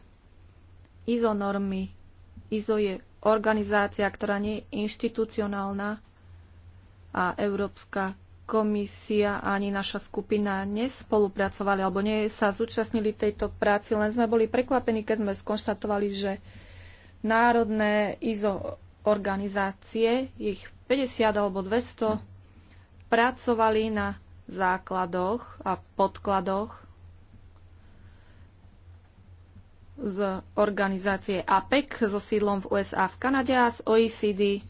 Izonormy. Izo je organizácia, ktorá nie je inštitucionálna a Európska komisia ani naša skupina nespolupracovali alebo nie sa zúčastnili tejto práci, len sme boli prekvapení, keď sme skonštatovali, že národné ISO organizácie, ich 50 alebo 200, pracovali na základoch a podkladoch z organizácie APEC so sídlom v USA v Kanade a z OECD.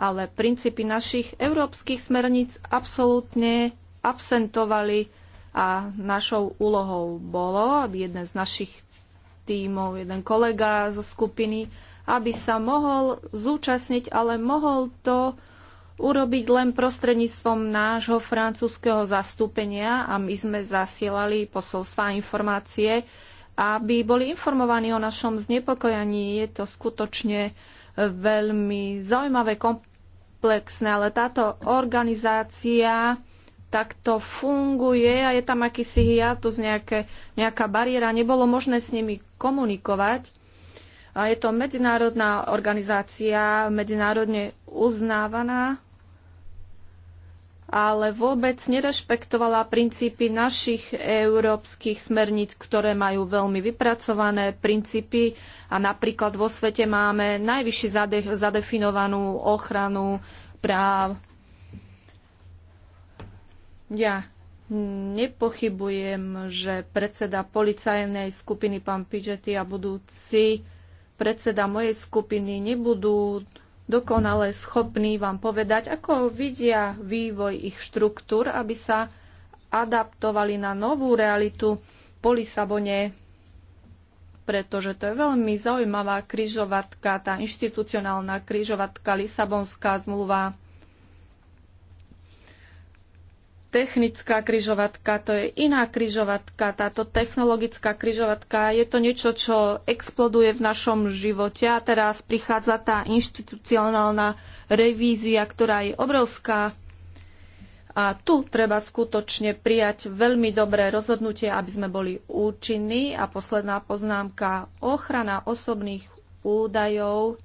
Ale princípy našich európskych smerníc absolútne absentovali a našou úlohou bolo, aby jeden z našich tímov, jeden kolega zo skupiny, aby sa mohol zúčastniť, ale mohol to urobiť len prostredníctvom nášho francúzského zastúpenia a my sme zasielali posolstva a informácie, aby boli informovaní o našom znepokojaní. Je to skutočne e, veľmi zaujímavé, komplexné, ale táto organizácia takto funguje a je tam akýsi hiatus, nejaké, nejaká bariéra. Nebolo možné s nimi komunikovať. A je to medzinárodná organizácia, medzinárodne uznávaná ale vôbec nerešpektovala princípy našich európskych smerníc, ktoré majú veľmi vypracované princípy a napríklad vo svete máme najvyššie zadefinovanú ochranu práv. Ja nepochybujem, že predseda policajnej skupiny pán Pidgety a budúci predseda mojej skupiny nebudú dokonale schopní vám povedať, ako vidia vývoj ich štruktúr, aby sa adaptovali na novú realitu po Lisabone, pretože to je veľmi zaujímavá kryžovatka, tá inštitucionálna kryžovatka Lisabonská zmluva technická kryžovatka, to je iná kryžovatka, táto technologická kryžovatka, je to niečo, čo exploduje v našom živote a teraz prichádza tá inštitucionálna revízia, ktorá je obrovská. A tu treba skutočne prijať veľmi dobré rozhodnutie, aby sme boli účinní. A posledná poznámka, ochrana osobných údajov.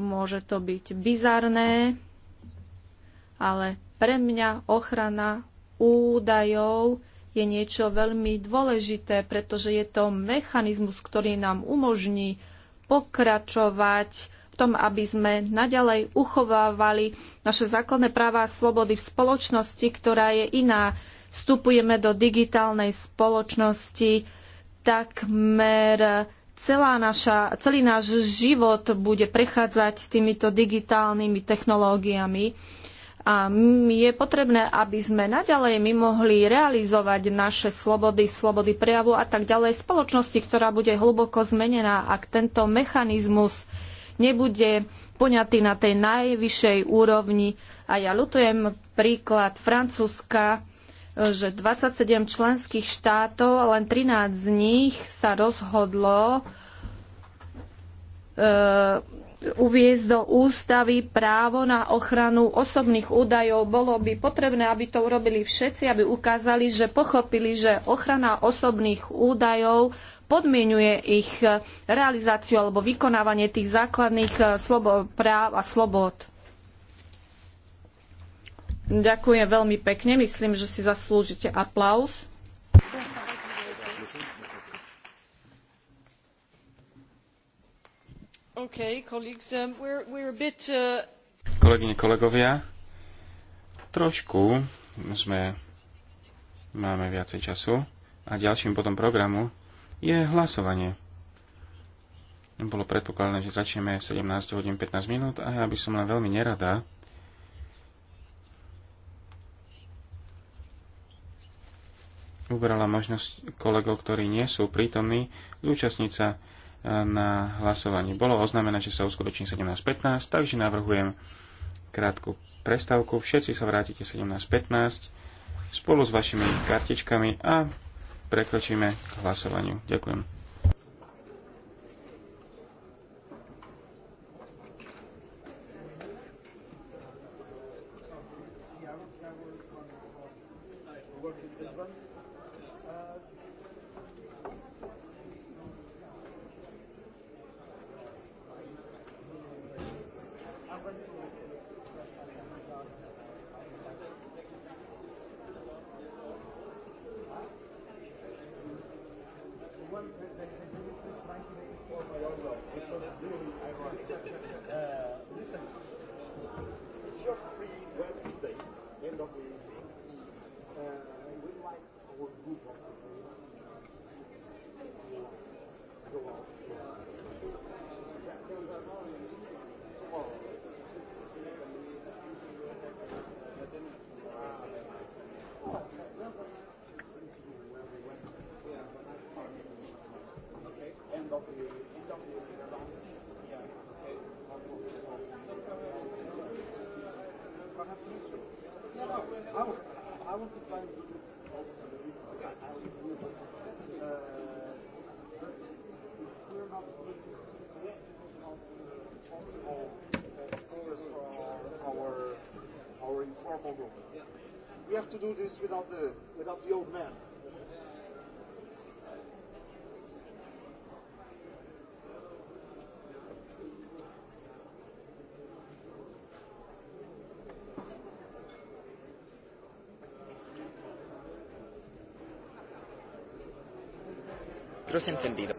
Môže to byť bizarné, ale pre mňa ochrana údajov je niečo veľmi dôležité, pretože je to mechanizmus, ktorý nám umožní pokračovať v tom, aby sme naďalej uchovávali naše základné práva a slobody v spoločnosti, ktorá je iná. Vstupujeme do digitálnej spoločnosti, takmer celá naša, celý náš život bude prechádzať týmito digitálnymi technológiami a je potrebné, aby sme naďalej my mohli realizovať naše slobody, slobody prejavu a tak ďalej spoločnosti, ktorá bude hlboko zmenená, ak tento mechanizmus nebude poňatý na tej najvyššej úrovni. A ja ľutujem príklad Francúzska, že 27 členských štátov, len 13 z nich sa rozhodlo e, uviezť do ústavy právo na ochranu osobných údajov. Bolo by potrebné, aby to urobili všetci, aby ukázali, že pochopili, že ochrana osobných údajov podmienuje ich realizáciu alebo vykonávanie tých základných eh, slobo, práv a slobod. Ďakujem veľmi pekne. Myslím, že si zaslúžite aplaus. Um, uh, Kolegyne, kolegovia, trošku sme, máme viacej času a ďalším potom programu je hlasovanie. Bolo predpokladané, že začneme 17 hodín 15 minút a ja by som len veľmi nerada, uberala možnosť kolegov, ktorí nie sú prítomní, zúčastniť sa na hlasovaní. Bolo oznámené, že sa uskutoční 17.15, takže navrhujem krátku prestávku. Všetci sa vrátite 17.15 spolu s vašimi kartičkami a prekročíme k hlasovaniu. Ďakujem. desentendido.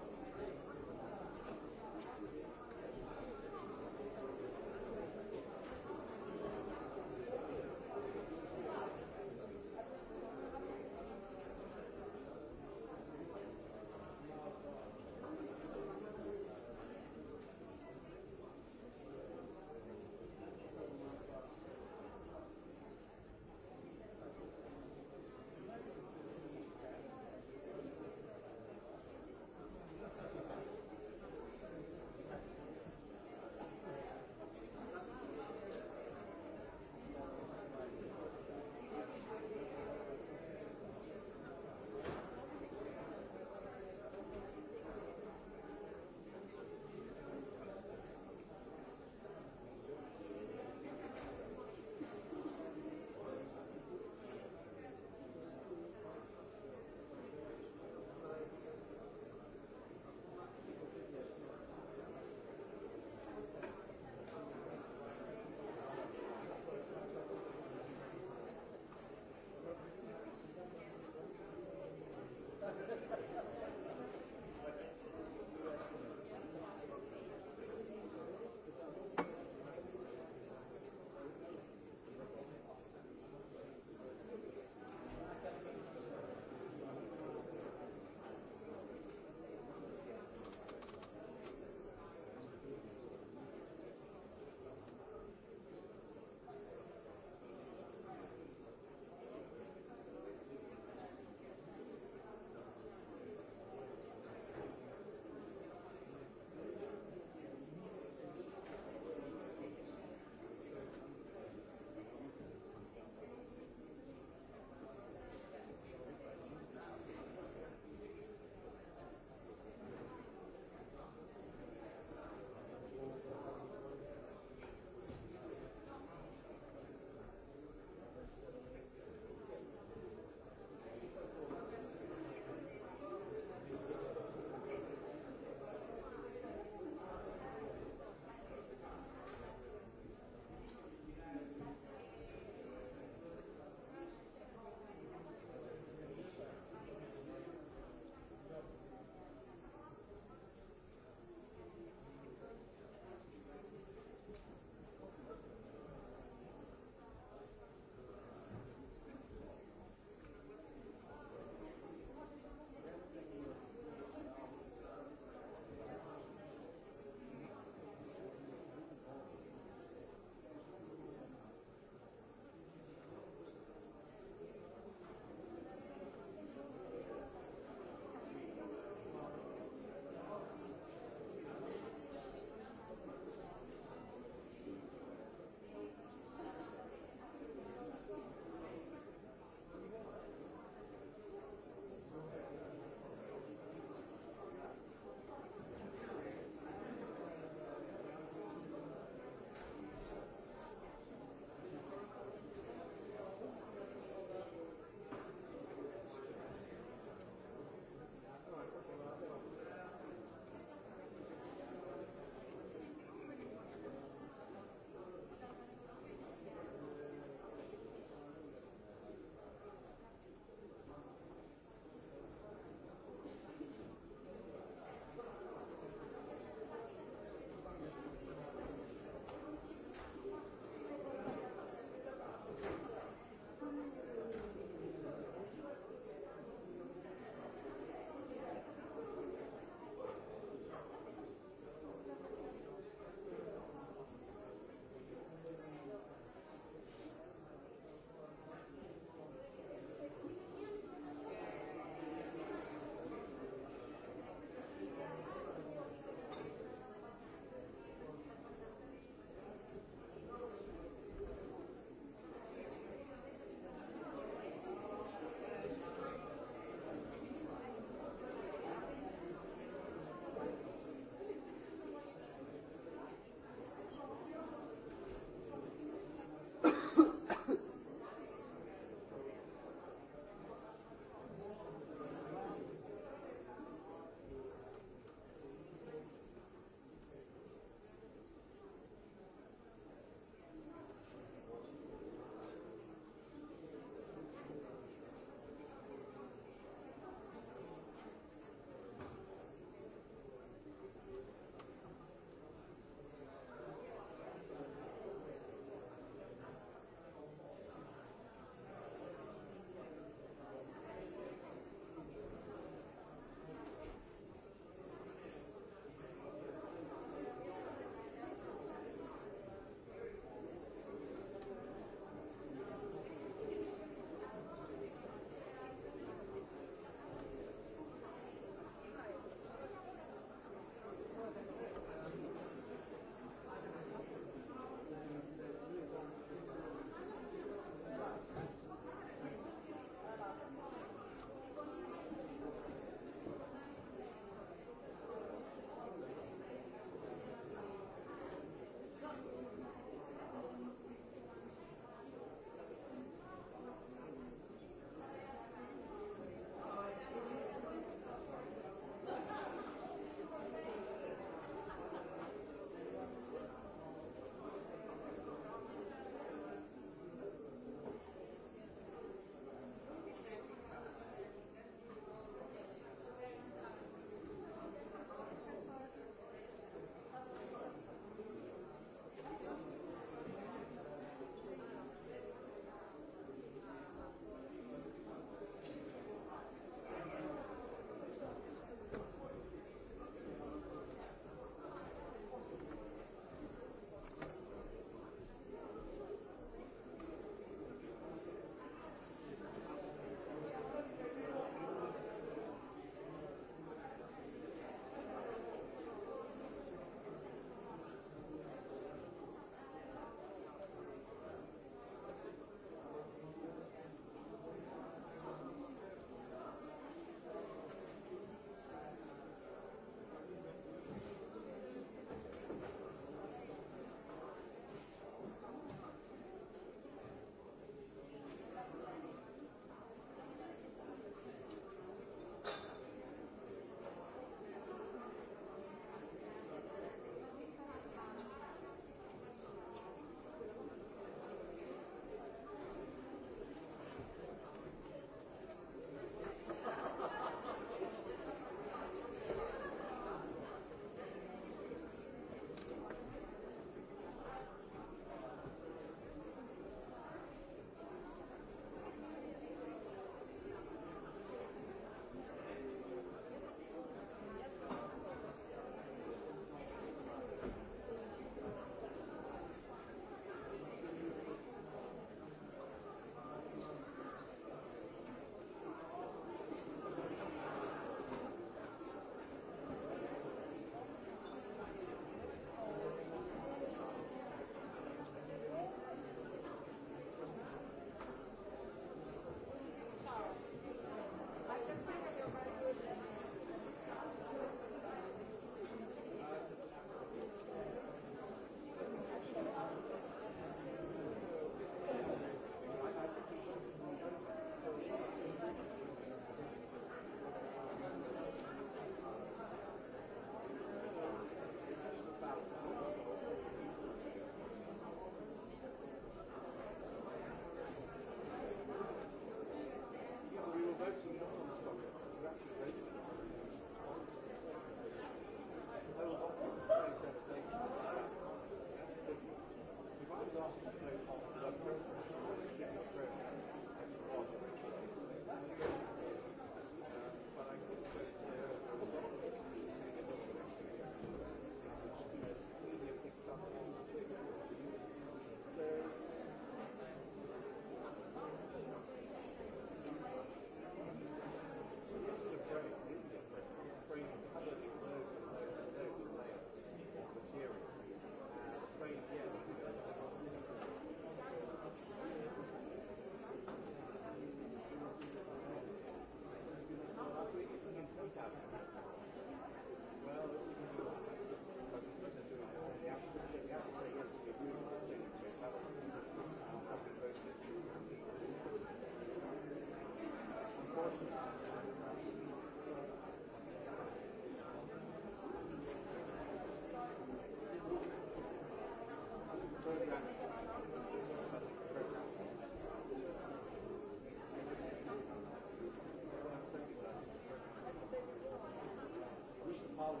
malo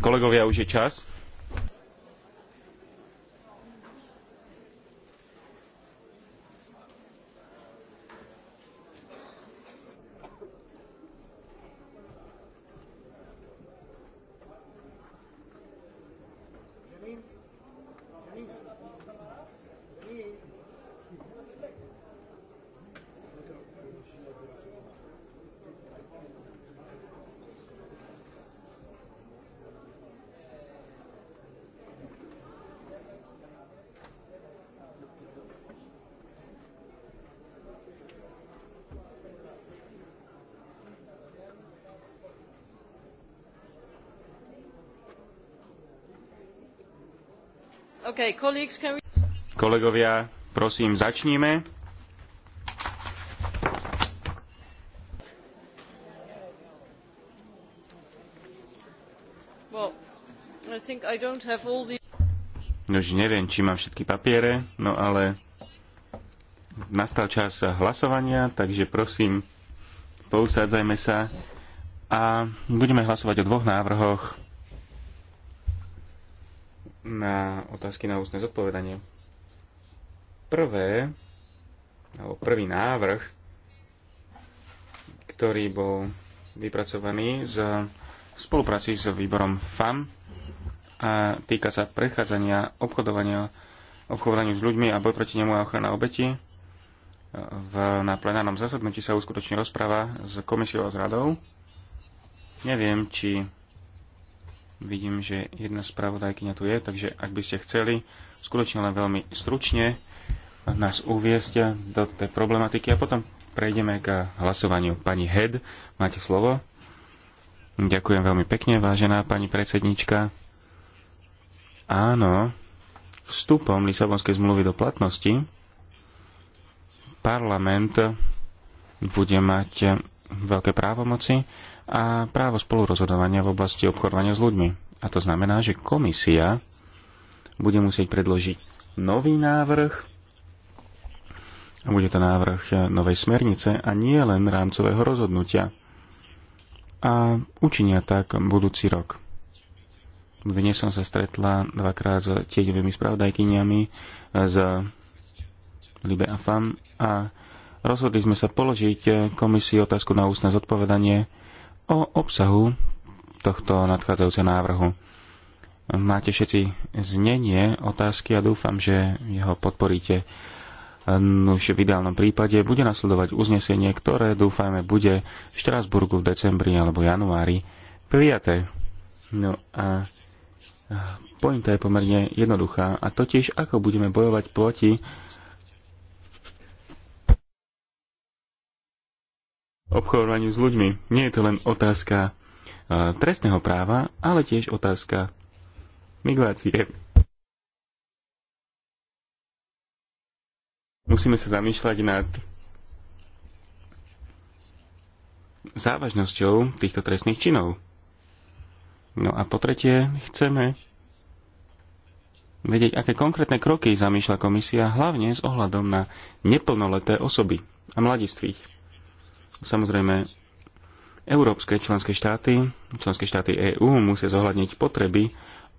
Kolegovia, už je čas. Kolegovia, prosím, začníme. Well, no, neviem, či mám všetky papiere, no ale nastal čas hlasovania, takže prosím, pousádzajme sa a budeme hlasovať o dvoch návrhoch otázky na ústne zodpovedanie. Prvé, alebo prvý návrh, ktorý bol vypracovaný z spolupráci s výborom FAM a týka sa prechádzania obchodovania, obchodovaniu s ľuďmi a boj proti nemu a ochrana obeti. V, na plenárnom zasadnutí sa uskutoční rozpráva s komisiou a s radou. Neviem, či Vidím, že jedna spravodajkyňa tu je, takže ak by ste chceli, skutočne len veľmi stručne nás uviesť do tej problematiky a potom prejdeme k hlasovaniu. Pani Head, máte slovo. Ďakujem veľmi pekne, vážená pani predsednička. Áno, vstupom Lisabonskej zmluvy do platnosti parlament bude mať veľké právomoci a právo spolurozhodovania v oblasti obchodovania s ľuďmi. A to znamená, že komisia bude musieť predložiť nový návrh a bude to návrh novej smernice a nie len rámcového rozhodnutia. A učinia tak budúci rok. Dnes som sa stretla dvakrát s tieňovými spravodajkyniami z Libe a FAM a rozhodli sme sa položiť komisii otázku na ústne zodpovedanie o obsahu tohto nadchádzajúceho návrhu. Máte všetci znenie otázky a dúfam, že jeho podporíte. No už v ideálnom prípade bude nasledovať uznesenie, ktoré dúfajme bude v Štrásburgu v decembri alebo januári prijaté. No a pointa je pomerne jednoduchá a totiž ako budeme bojovať proti obchodovaniu s ľuďmi. Nie je to len otázka trestného práva, ale tiež otázka migrácie. Musíme sa zamýšľať nad závažnosťou týchto trestných činov. No a po tretie, chceme vedieť, aké konkrétne kroky zamýšľa komisia, hlavne s ohľadom na neplnoleté osoby a mladistvých. Samozrejme, európske členské štáty, členské štáty EÚ musia zohľadniť potreby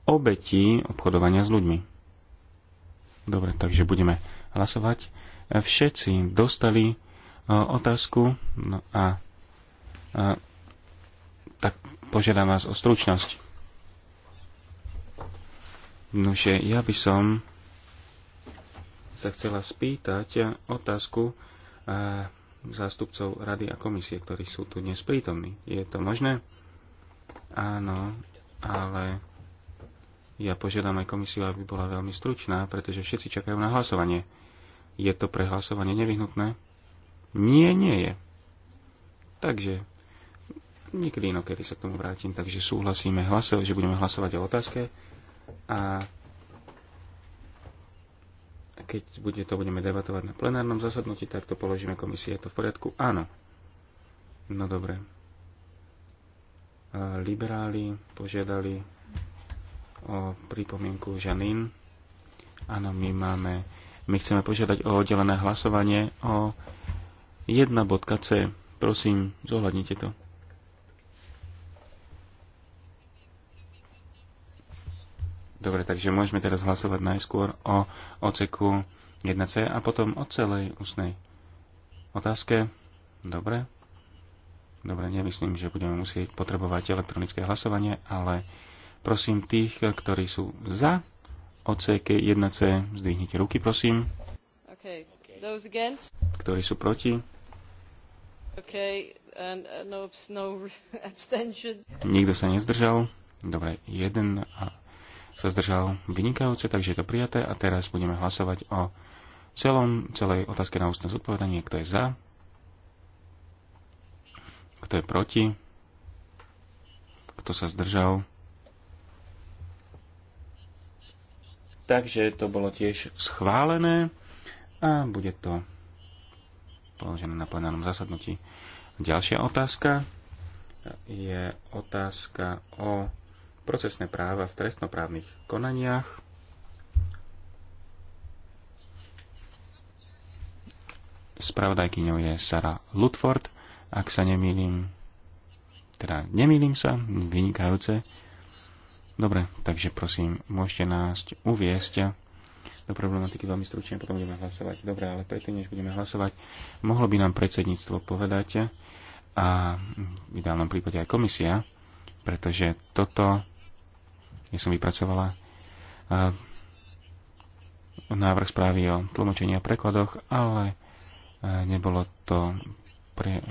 obetí obchodovania s ľuďmi. Dobre, takže budeme hlasovať. Všetci dostali e, otázku no a, a e, tak požiadam vás o stručnosť. Nože, ja by som sa chcela spýtať otázku a, e, zástupcov rady a komisie, ktorí sú tu dnes prítomní. Je to možné? Áno, ale ja požiadam aj komisiu, aby bola veľmi stručná, pretože všetci čakajú na hlasovanie. Je to pre hlasovanie nevyhnutné? Nie, nie je. Takže niekedy inokedy sa k tomu vrátim, takže súhlasíme, hlasov, že budeme hlasovať o otázke a keď bude, to budeme debatovať na plenárnom zasadnutí, tak to položíme komisii. Je to v poriadku? Áno. No dobre. Liberáli požiadali o pripomienku Žanín. Áno, my máme, my chceme požiadať o oddelené hlasovanie o 1.c. Prosím, zohľadnite to. Dobre, takže môžeme teraz hlasovať najskôr o oceku 1C a potom o celej ústnej otázke. Dobre. Dobre, nemyslím, že budeme musieť potrebovať elektronické hlasovanie, ale prosím tých, ktorí sú za oceky 1C, zdvihnite ruky, prosím. Okay. Those against? Ktorí sú proti? Okay. And, uh, no, no [laughs] Nikto sa nezdržal. Dobre, jeden a sa zdržal vynikajúce, takže je to prijaté a teraz budeme hlasovať o celom, celej otázke na ústne zodpovedanie, kto je za, kto je proti, kto sa zdržal. Takže to bolo tiež schválené a bude to položené na plenárnom zasadnutí. Ďalšia otázka je otázka o procesné práva v trestnoprávnych konaniach. Spravodajkyňou je Sara Ludford, ak sa nemýlim, teda nemýlim sa, vynikajúce. Dobre, takže prosím, môžete nás uviesť do problematiky veľmi stručne, potom budeme hlasovať. Dobre, ale predtým, než budeme hlasovať, mohlo by nám predsedníctvo povedať a v ideálnom prípade aj komisia, pretože toto kde som vypracovala návrh správy o tlmočení a prekladoch, ale nebolo to pre,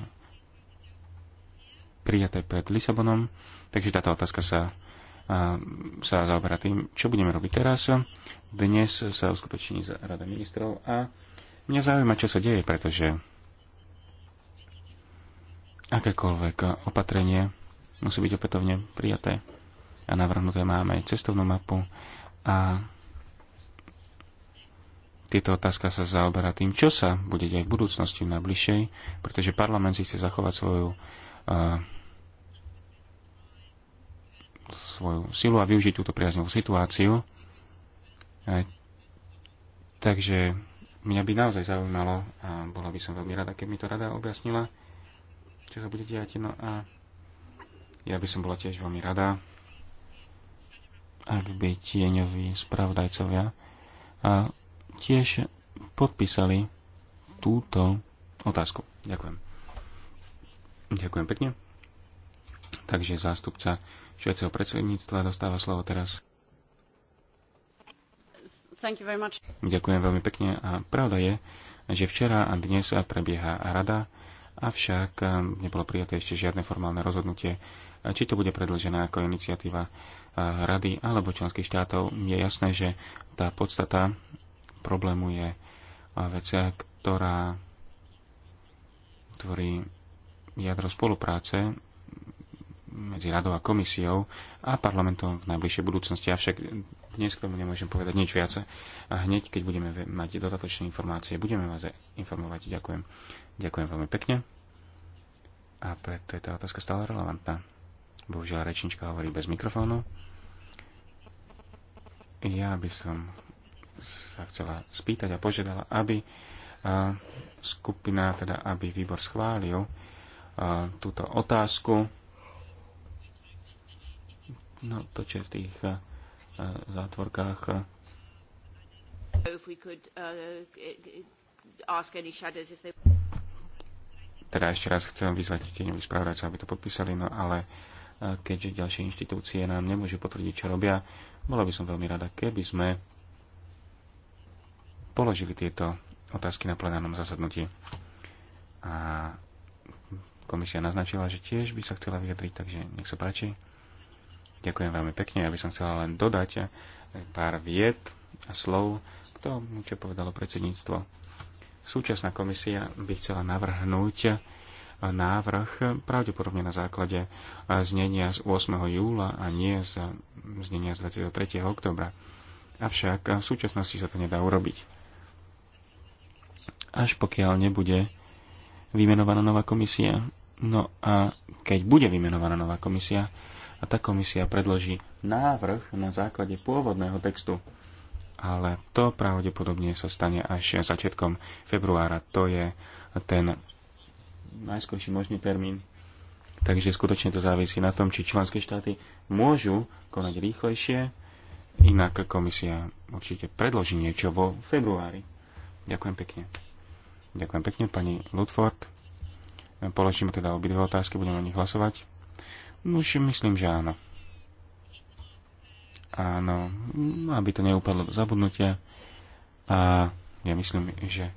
prijaté pred Lisabonom, takže táto otázka sa, sa zaoberá tým, čo budeme robiť teraz. Dnes sa uskutoční Rada ministrov a mňa zaujíma, čo sa deje, pretože akékoľvek opatrenie musí byť opätovne prijaté a navrhnuté máme aj cestovnú mapu a tieto otázka sa zaoberá tým, čo sa bude deť v budúcnosti v najbližšej, pretože parlament si chce zachovať svoju, uh, svoju silu a využiť túto priaznivú situáciu. Aj, takže mňa by naozaj zaujímalo a bola by som veľmi rada, keď mi to rada objasnila, čo sa bude diať. No a ja by som bola tiež veľmi rada, ak by tieňoví spravodajcovia a tiež podpísali túto otázku. Ďakujem. Ďakujem pekne. Takže zástupca švedského predsedníctva dostáva slovo teraz. Ďakujem veľmi pekne a pravda je, že včera a dnes prebieha rada, avšak ehm, nebolo prijaté ešte žiadne formálne rozhodnutie, či to bude predlžené ako iniciatíva rady alebo členských štátov, je jasné, že tá podstata problému je vec, ktorá tvorí jadro spolupráce medzi radou a komisiou a parlamentom v najbližšej budúcnosti. Avšak dnes k tomu nemôžem povedať nič viac. A hneď, keď budeme mať dodatočné informácie, budeme vás informovať. Ďakujem. Ďakujem veľmi pekne. A preto je tá otázka stále relevantná. Bohužiaľ, rečnička hovorí bez mikrofónu. Ja by som sa chcela spýtať a požiadala, aby skupina, teda aby výbor schválil túto otázku. No, to čo je v tých zátvorkách. Uh, teda ešte raz chcem vyzvať tieňových správcov, aby to podpísali, no ale keďže ďalšie inštitúcie nám nemôžu potvrdiť, čo robia. Bola by som veľmi rada, keby sme položili tieto otázky na plenárnom zasadnutí. A komisia naznačila, že tiež by sa chcela vyjadriť, takže nech sa páči. Ďakujem veľmi pekne. Ja by som chcela len dodať pár vied a slov k tomu, čo povedalo predsedníctvo. Súčasná komisia by chcela navrhnúť návrh pravdepodobne na základe eh, znenia z 8. júla a nie z eh, znenia z 23. oktobra. Avšak eh, v súčasnosti sa to nedá urobiť. Až pokiaľ nebude vymenovaná nová komisia, no a keď bude vymenovaná nová komisia, a tá komisia predloží návrh na základe pôvodného textu, ale to pravdepodobne sa stane až začiatkom februára. To je ten najskorší možný termín. Takže skutočne to závisí na tom, či členské štáty môžu konať rýchlejšie, inak komisia určite predloží niečo vo februári. Ďakujem pekne. Ďakujem pekne, pani Ludford. Položíme teda obidve otázky, budeme o nich hlasovať. Už myslím, že áno. Áno, aby to neupadlo do zabudnutia. A ja myslím, že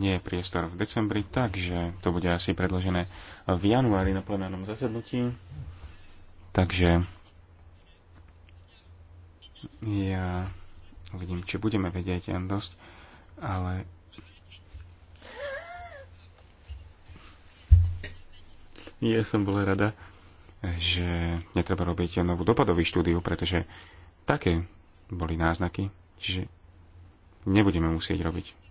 nie je priestor v decembri, takže to bude asi predložené v januári na plenárnom zasadnutí. Takže ja uvidím, či budeme vedieť dosť, ale ja som bola rada, že netreba robiť novú dopadovú štúdiu, pretože také boli náznaky, čiže nebudeme musieť robiť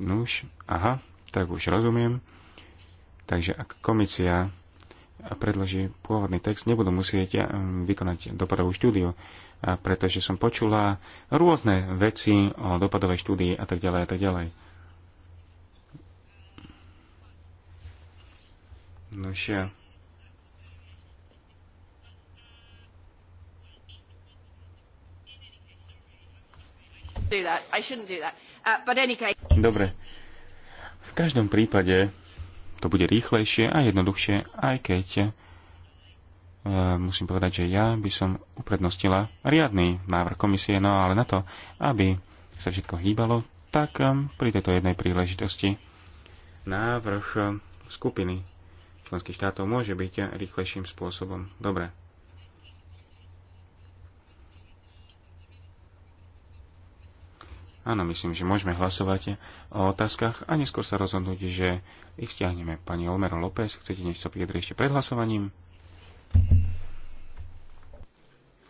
Nuž, no aha, tak už rozumiem. Takže ak komisia predloží pôvodný text, nebudú musieť eh, vykonať dopadovú štúdiu, eh, pretože som počula rôzne veci o dopadovej štúdii a tak ďalej a tak ďalej. Nuž, no do that. I shouldn't do that. Uh, Dobre. V každom prípade to bude rýchlejšie a jednoduchšie, aj keď uh, musím povedať, že ja by som uprednostila riadny návrh komisie, no ale na to, aby sa všetko hýbalo, tak um, pri tejto jednej príležitosti návrh um, skupiny členských štátov môže byť rýchlejším spôsobom. Dobre. Áno, myslím, že môžeme hlasovať o otázkach a neskôr sa rozhodnúť, že ich stiahneme. Pani Olmero López, chcete niečo povedať ešte pred hlasovaním?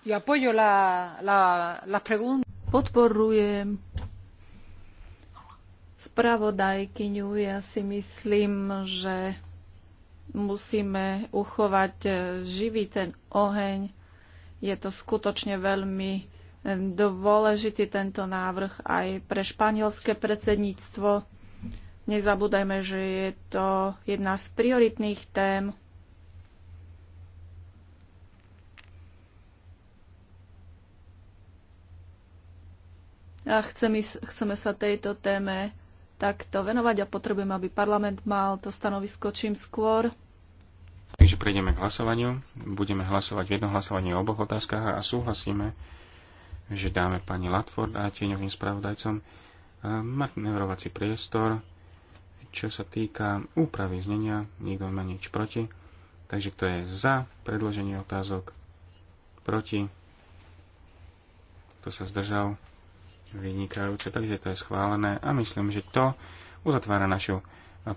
Ja la, la, la Podporujem spravodajkyňu. Ja si myslím, že musíme uchovať živý ten oheň. Je to skutočne veľmi dôležitý tento návrh aj pre španielské predsedníctvo. Nezabúdajme, že je to jedna z prioritných tém. A chceme, chceme sa tejto téme takto venovať a potrebujem, aby parlament mal to stanovisko čím skôr. Takže prejdeme k hlasovaniu. Budeme hlasovať v jednom hlasovaní o oboch otázkach a súhlasíme že dáme pani Latford a tieňovým spravodajcom e, manevrovací priestor, čo sa týka úpravy znenia, nikto nemá nič proti. Takže kto je za predloženie otázok, proti, kto sa zdržal, vynikajúce, takže to je schválené a myslím, že to uzatvára našu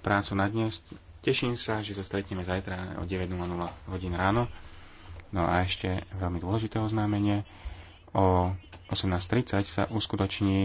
prácu na dnes. Teším sa, že sa stretneme zajtra o 9.00 hodín ráno. No a ešte veľmi dôležité oznámenie o 18.30 sa uskutoční